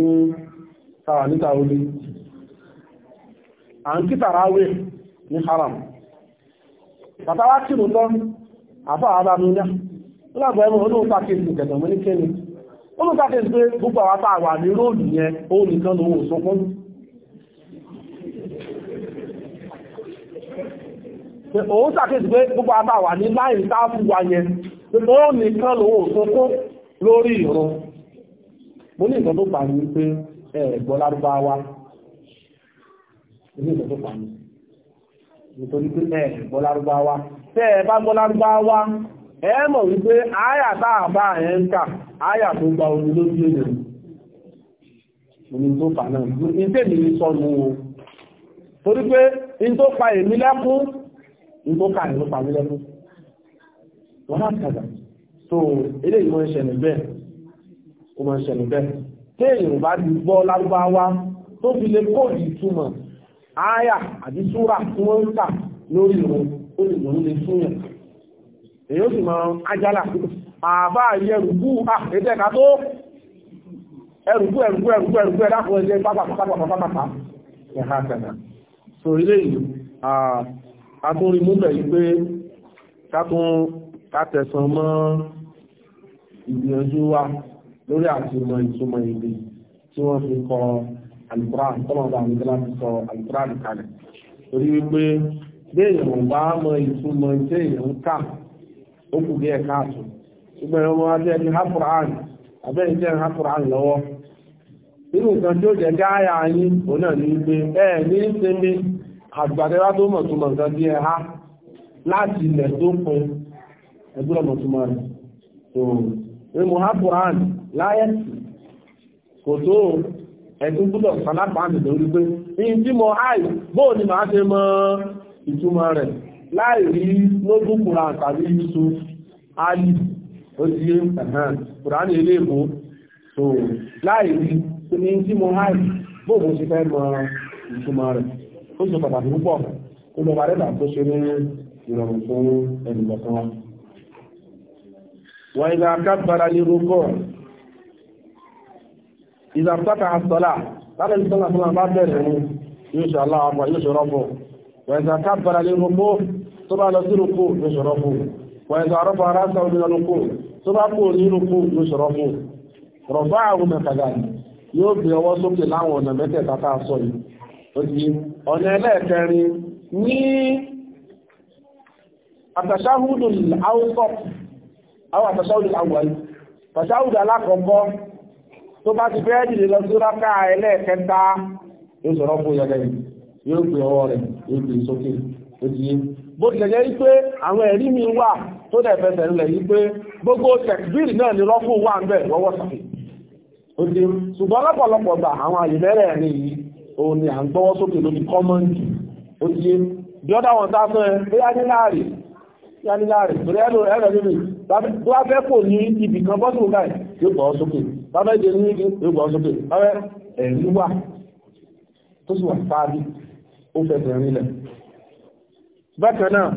táwà ní tàwọlé à ń kí tàràwé ní haram bàtà wá kírun tán àfọ́ àbámi náà lábọ̀ ẹmọ olóòpàkèsì kẹtọ̀mọ́ ní kéni olóòpàkèsì pé púpọ̀ àwátà wà ní róòlù yẹn ó nìkan lówó sọkún òun sàkèsì pé púpọ̀ àwátà wà ní láì sáàfù yẹn ó nìkan lórí ẹ̀mọ̀ wípé àyà táàbà ẹ̀ ń kà àyà tó gba omi lójú èdè omi tó fà náà ní tèmi ní sọ́nù o torí pé in tó pa èmi lẹ́kún in tó kà ní ló pa mí lẹ́kún wọ́n á kàdà so ilé ìmọ̀ ìṣẹ̀lẹ̀ bẹ́ẹ̀ kò mọ̀ ìṣẹ̀lẹ̀ bẹ́ẹ̀ téèyàn bá ti gbọ́ lárúbáwá tó fi lè kóòdì ìtumọ̀ àyà àti súrà tí wọ́n ń èyí ó sì máa ajálà àbá àrí ẹrùgbú àtẹ́tẹ́ka tó ẹrùgbú ẹrùgbú ẹrùgbú ẹrùgbú ẹ̀dàkùn ẹjẹ́ pápápápápápá ẹ̀há tẹ̀nà so ilé yìí àtúnrí múlẹ̀ yìí pé kátún kátẹ̀sán mọ́ ìgbìyànjú wa lórí àti ìmọ̀ ìtumọ̀ ìlú tí wọ́n fi kọ alìkùrán tọ́lọ̀dà àmìtẹ́lá ti sọ alìkùrán kalẹ̀ torí wípé bí èèyàn bá mọ ìtumọ̀ ìtẹ́ èèyàn ká ó kù díẹ̀ káàtó ṣùgbọ́n ẹ̀rọ wọn jẹ́ ní hafuran abẹ́rẹ́ jẹ́ ní hafuran lọ́wọ́ nínú tí ó jẹ́ gáyà yín anyị onye ha láti ilẹ̀ tó pin ẹgbẹ́ ọmọ rẹ̀ tó kò tó gbúdọ̀ mi lórí pé ṣe ìtumọ̀ rẹ̀ láì rí lógún kùrán tàbí Yusuf Ali ó ti yé kùrán ilé ìbò so láì rí tó ní tí mo háì bóòmù ti fẹ́ mọ ìtumọ̀ rẹ̀ ó ṣe pàtàkì púpọ̀ ó lọ parí ìgbà tó ṣe ní ìrọ̀rùn fún ẹnìkọ̀kan wa wọ́n ìgbà kábàrà ní rúkọ̀ ìgbà pátá àsọlá lábẹ́ ìsọ́nà fún àbá bẹ̀rẹ̀ ní yóò ṣe aláwọ̀ yóò ṣe rọ́bọ̀ وإذا كبر للركوع طبعا لو ركوع يشرفه وإذا رفع رأسه من الركوع طبعا قول ركوع يشرفه رفعه من كذلك yóò gbé ọwọ́ sókè láwọn ọ̀nà mẹ́tẹ̀ẹ̀ta tá a sọ yìí ó ti ọ̀nà ẹlẹ́ẹ̀kẹrin ní àtàṣáhùdù àwùkọ́ àwọn àtàṣáhùdù àwùwáyé àtàṣáhùdù alákọ̀ọ́kọ́ tó bá ti fẹ́ẹ́ dìde yóò gbé ọwọ́ rẹ̀ yóò gbé sókè ojúyé bó ti lẹ̀jẹ́ wípé àwọn ẹ̀rí mi wà tó dẹ̀fẹsẹ̀ ńlẹ̀ wípé gbogbo tẹ̀kbírì náà ni rọ́pù wà ń bẹ̀ wọ́wọ́ ojúyé ṣùgbọ́n lọ́pọ̀lọpọ̀ gbà àwọn ni ó fẹsẹ̀ rinlẹ̀ bákan náà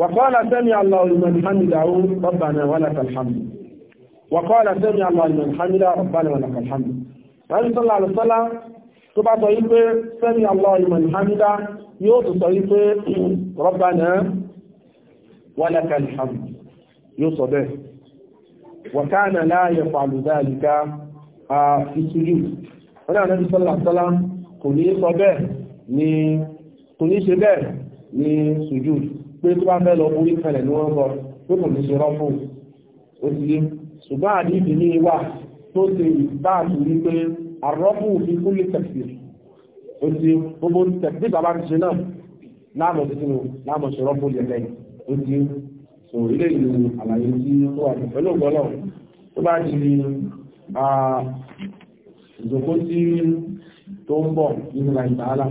wàkọ́ọ̀lá sẹ́mi aláwọ̀lùmọ̀ ìhámìdáwó rabbana walakal hamd wàkọ́ọ̀lá sẹ́mi aláwọ̀lùmọ̀ ìhámìdá rabbana walakal hamd rẹ́sọ́lá àlùsọ́lá tó bá sọ wípé sẹ́mi aláwọ̀lùmọ̀ ìhámìdá yóò tó sọ wípé rabbana walakal hamd yóò sọ bẹ́ẹ̀ wàkánà láàyè fàlùdá àlùká fi sujud wọ́n náà rẹ́sọ́lá àlùsọ́lá kò ní sọ bẹ́ẹ̀ ni kò ní ṣe bẹ́ẹ̀ ni sùjú pé tó bá fẹ́ lọ orí kalẹ̀ ni wọ́n sọ pé kò ní ṣe rọ́pù ó ti ṣùgbọ́n àdídì ní wà tó ṣe ìbáàtù ní pé àrọ́pù fi kú lè tẹ̀sí ó ti gbogbo tẹ̀sí bàbá ti ṣe náà láàmọ̀ sí sínú láàmọ̀ ṣe rọ́pù yẹn lẹ́yìn ó ti sọ ilé ìlú àlàyé tí ó wà pẹ̀lú ògbọ́n tó bá di ah, ìjòkó tí tó ń bọ̀ nígbà ìtàálà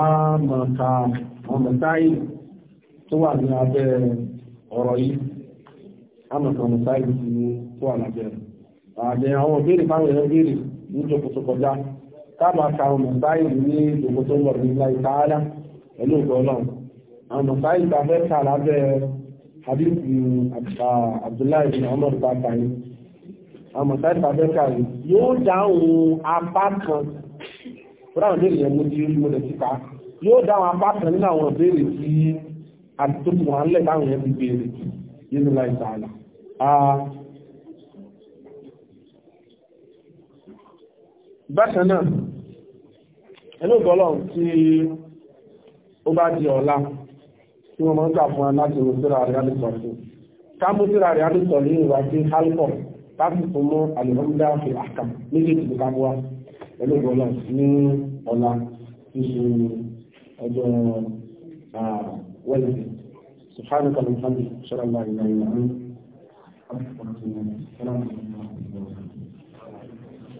àmọ̀ta ọmọ̀táì tó wà ní abẹ́ ọ̀rọ̀ yìí àmọ̀ta ọmọ̀táì tó wà lábẹ́ àdẹ àwọn òbèrè báwọn èèyàn bèèrè ní kọjá tábàtà ọmọ̀táì ní jòkòtò lọ nígbà ìtàálà pẹ̀lú lábẹ́ àmọ̀sáì pàfẹ́kà rí yóò dáhùn apá kan fúráwọn lè yẹn mú di mo lè síta yóò dáhùn apá kan nínú àwọn ìbéèrè tí àtúntò wọn lẹ̀ táwọn yẹn ti béèrè nínú láì sàálà. bákan náà ẹnú ìgbọ́lọ̀ tí ó bá di ọ̀la tí wọ́n máa ń kà fún wa láti rò síra rẹ̀ á lè sọ̀rọ̀ ká mú síra rẹ̀ táàbì tó mú àlùmọ́dá fi àkàm méjèèjì tó ká wá pẹ̀lú ìrọ̀lá ní ọ̀la tí ṣe ọjọ́ wẹ́lẹ̀ سبحانك اللهم وبحمدك اشهد ان لا اله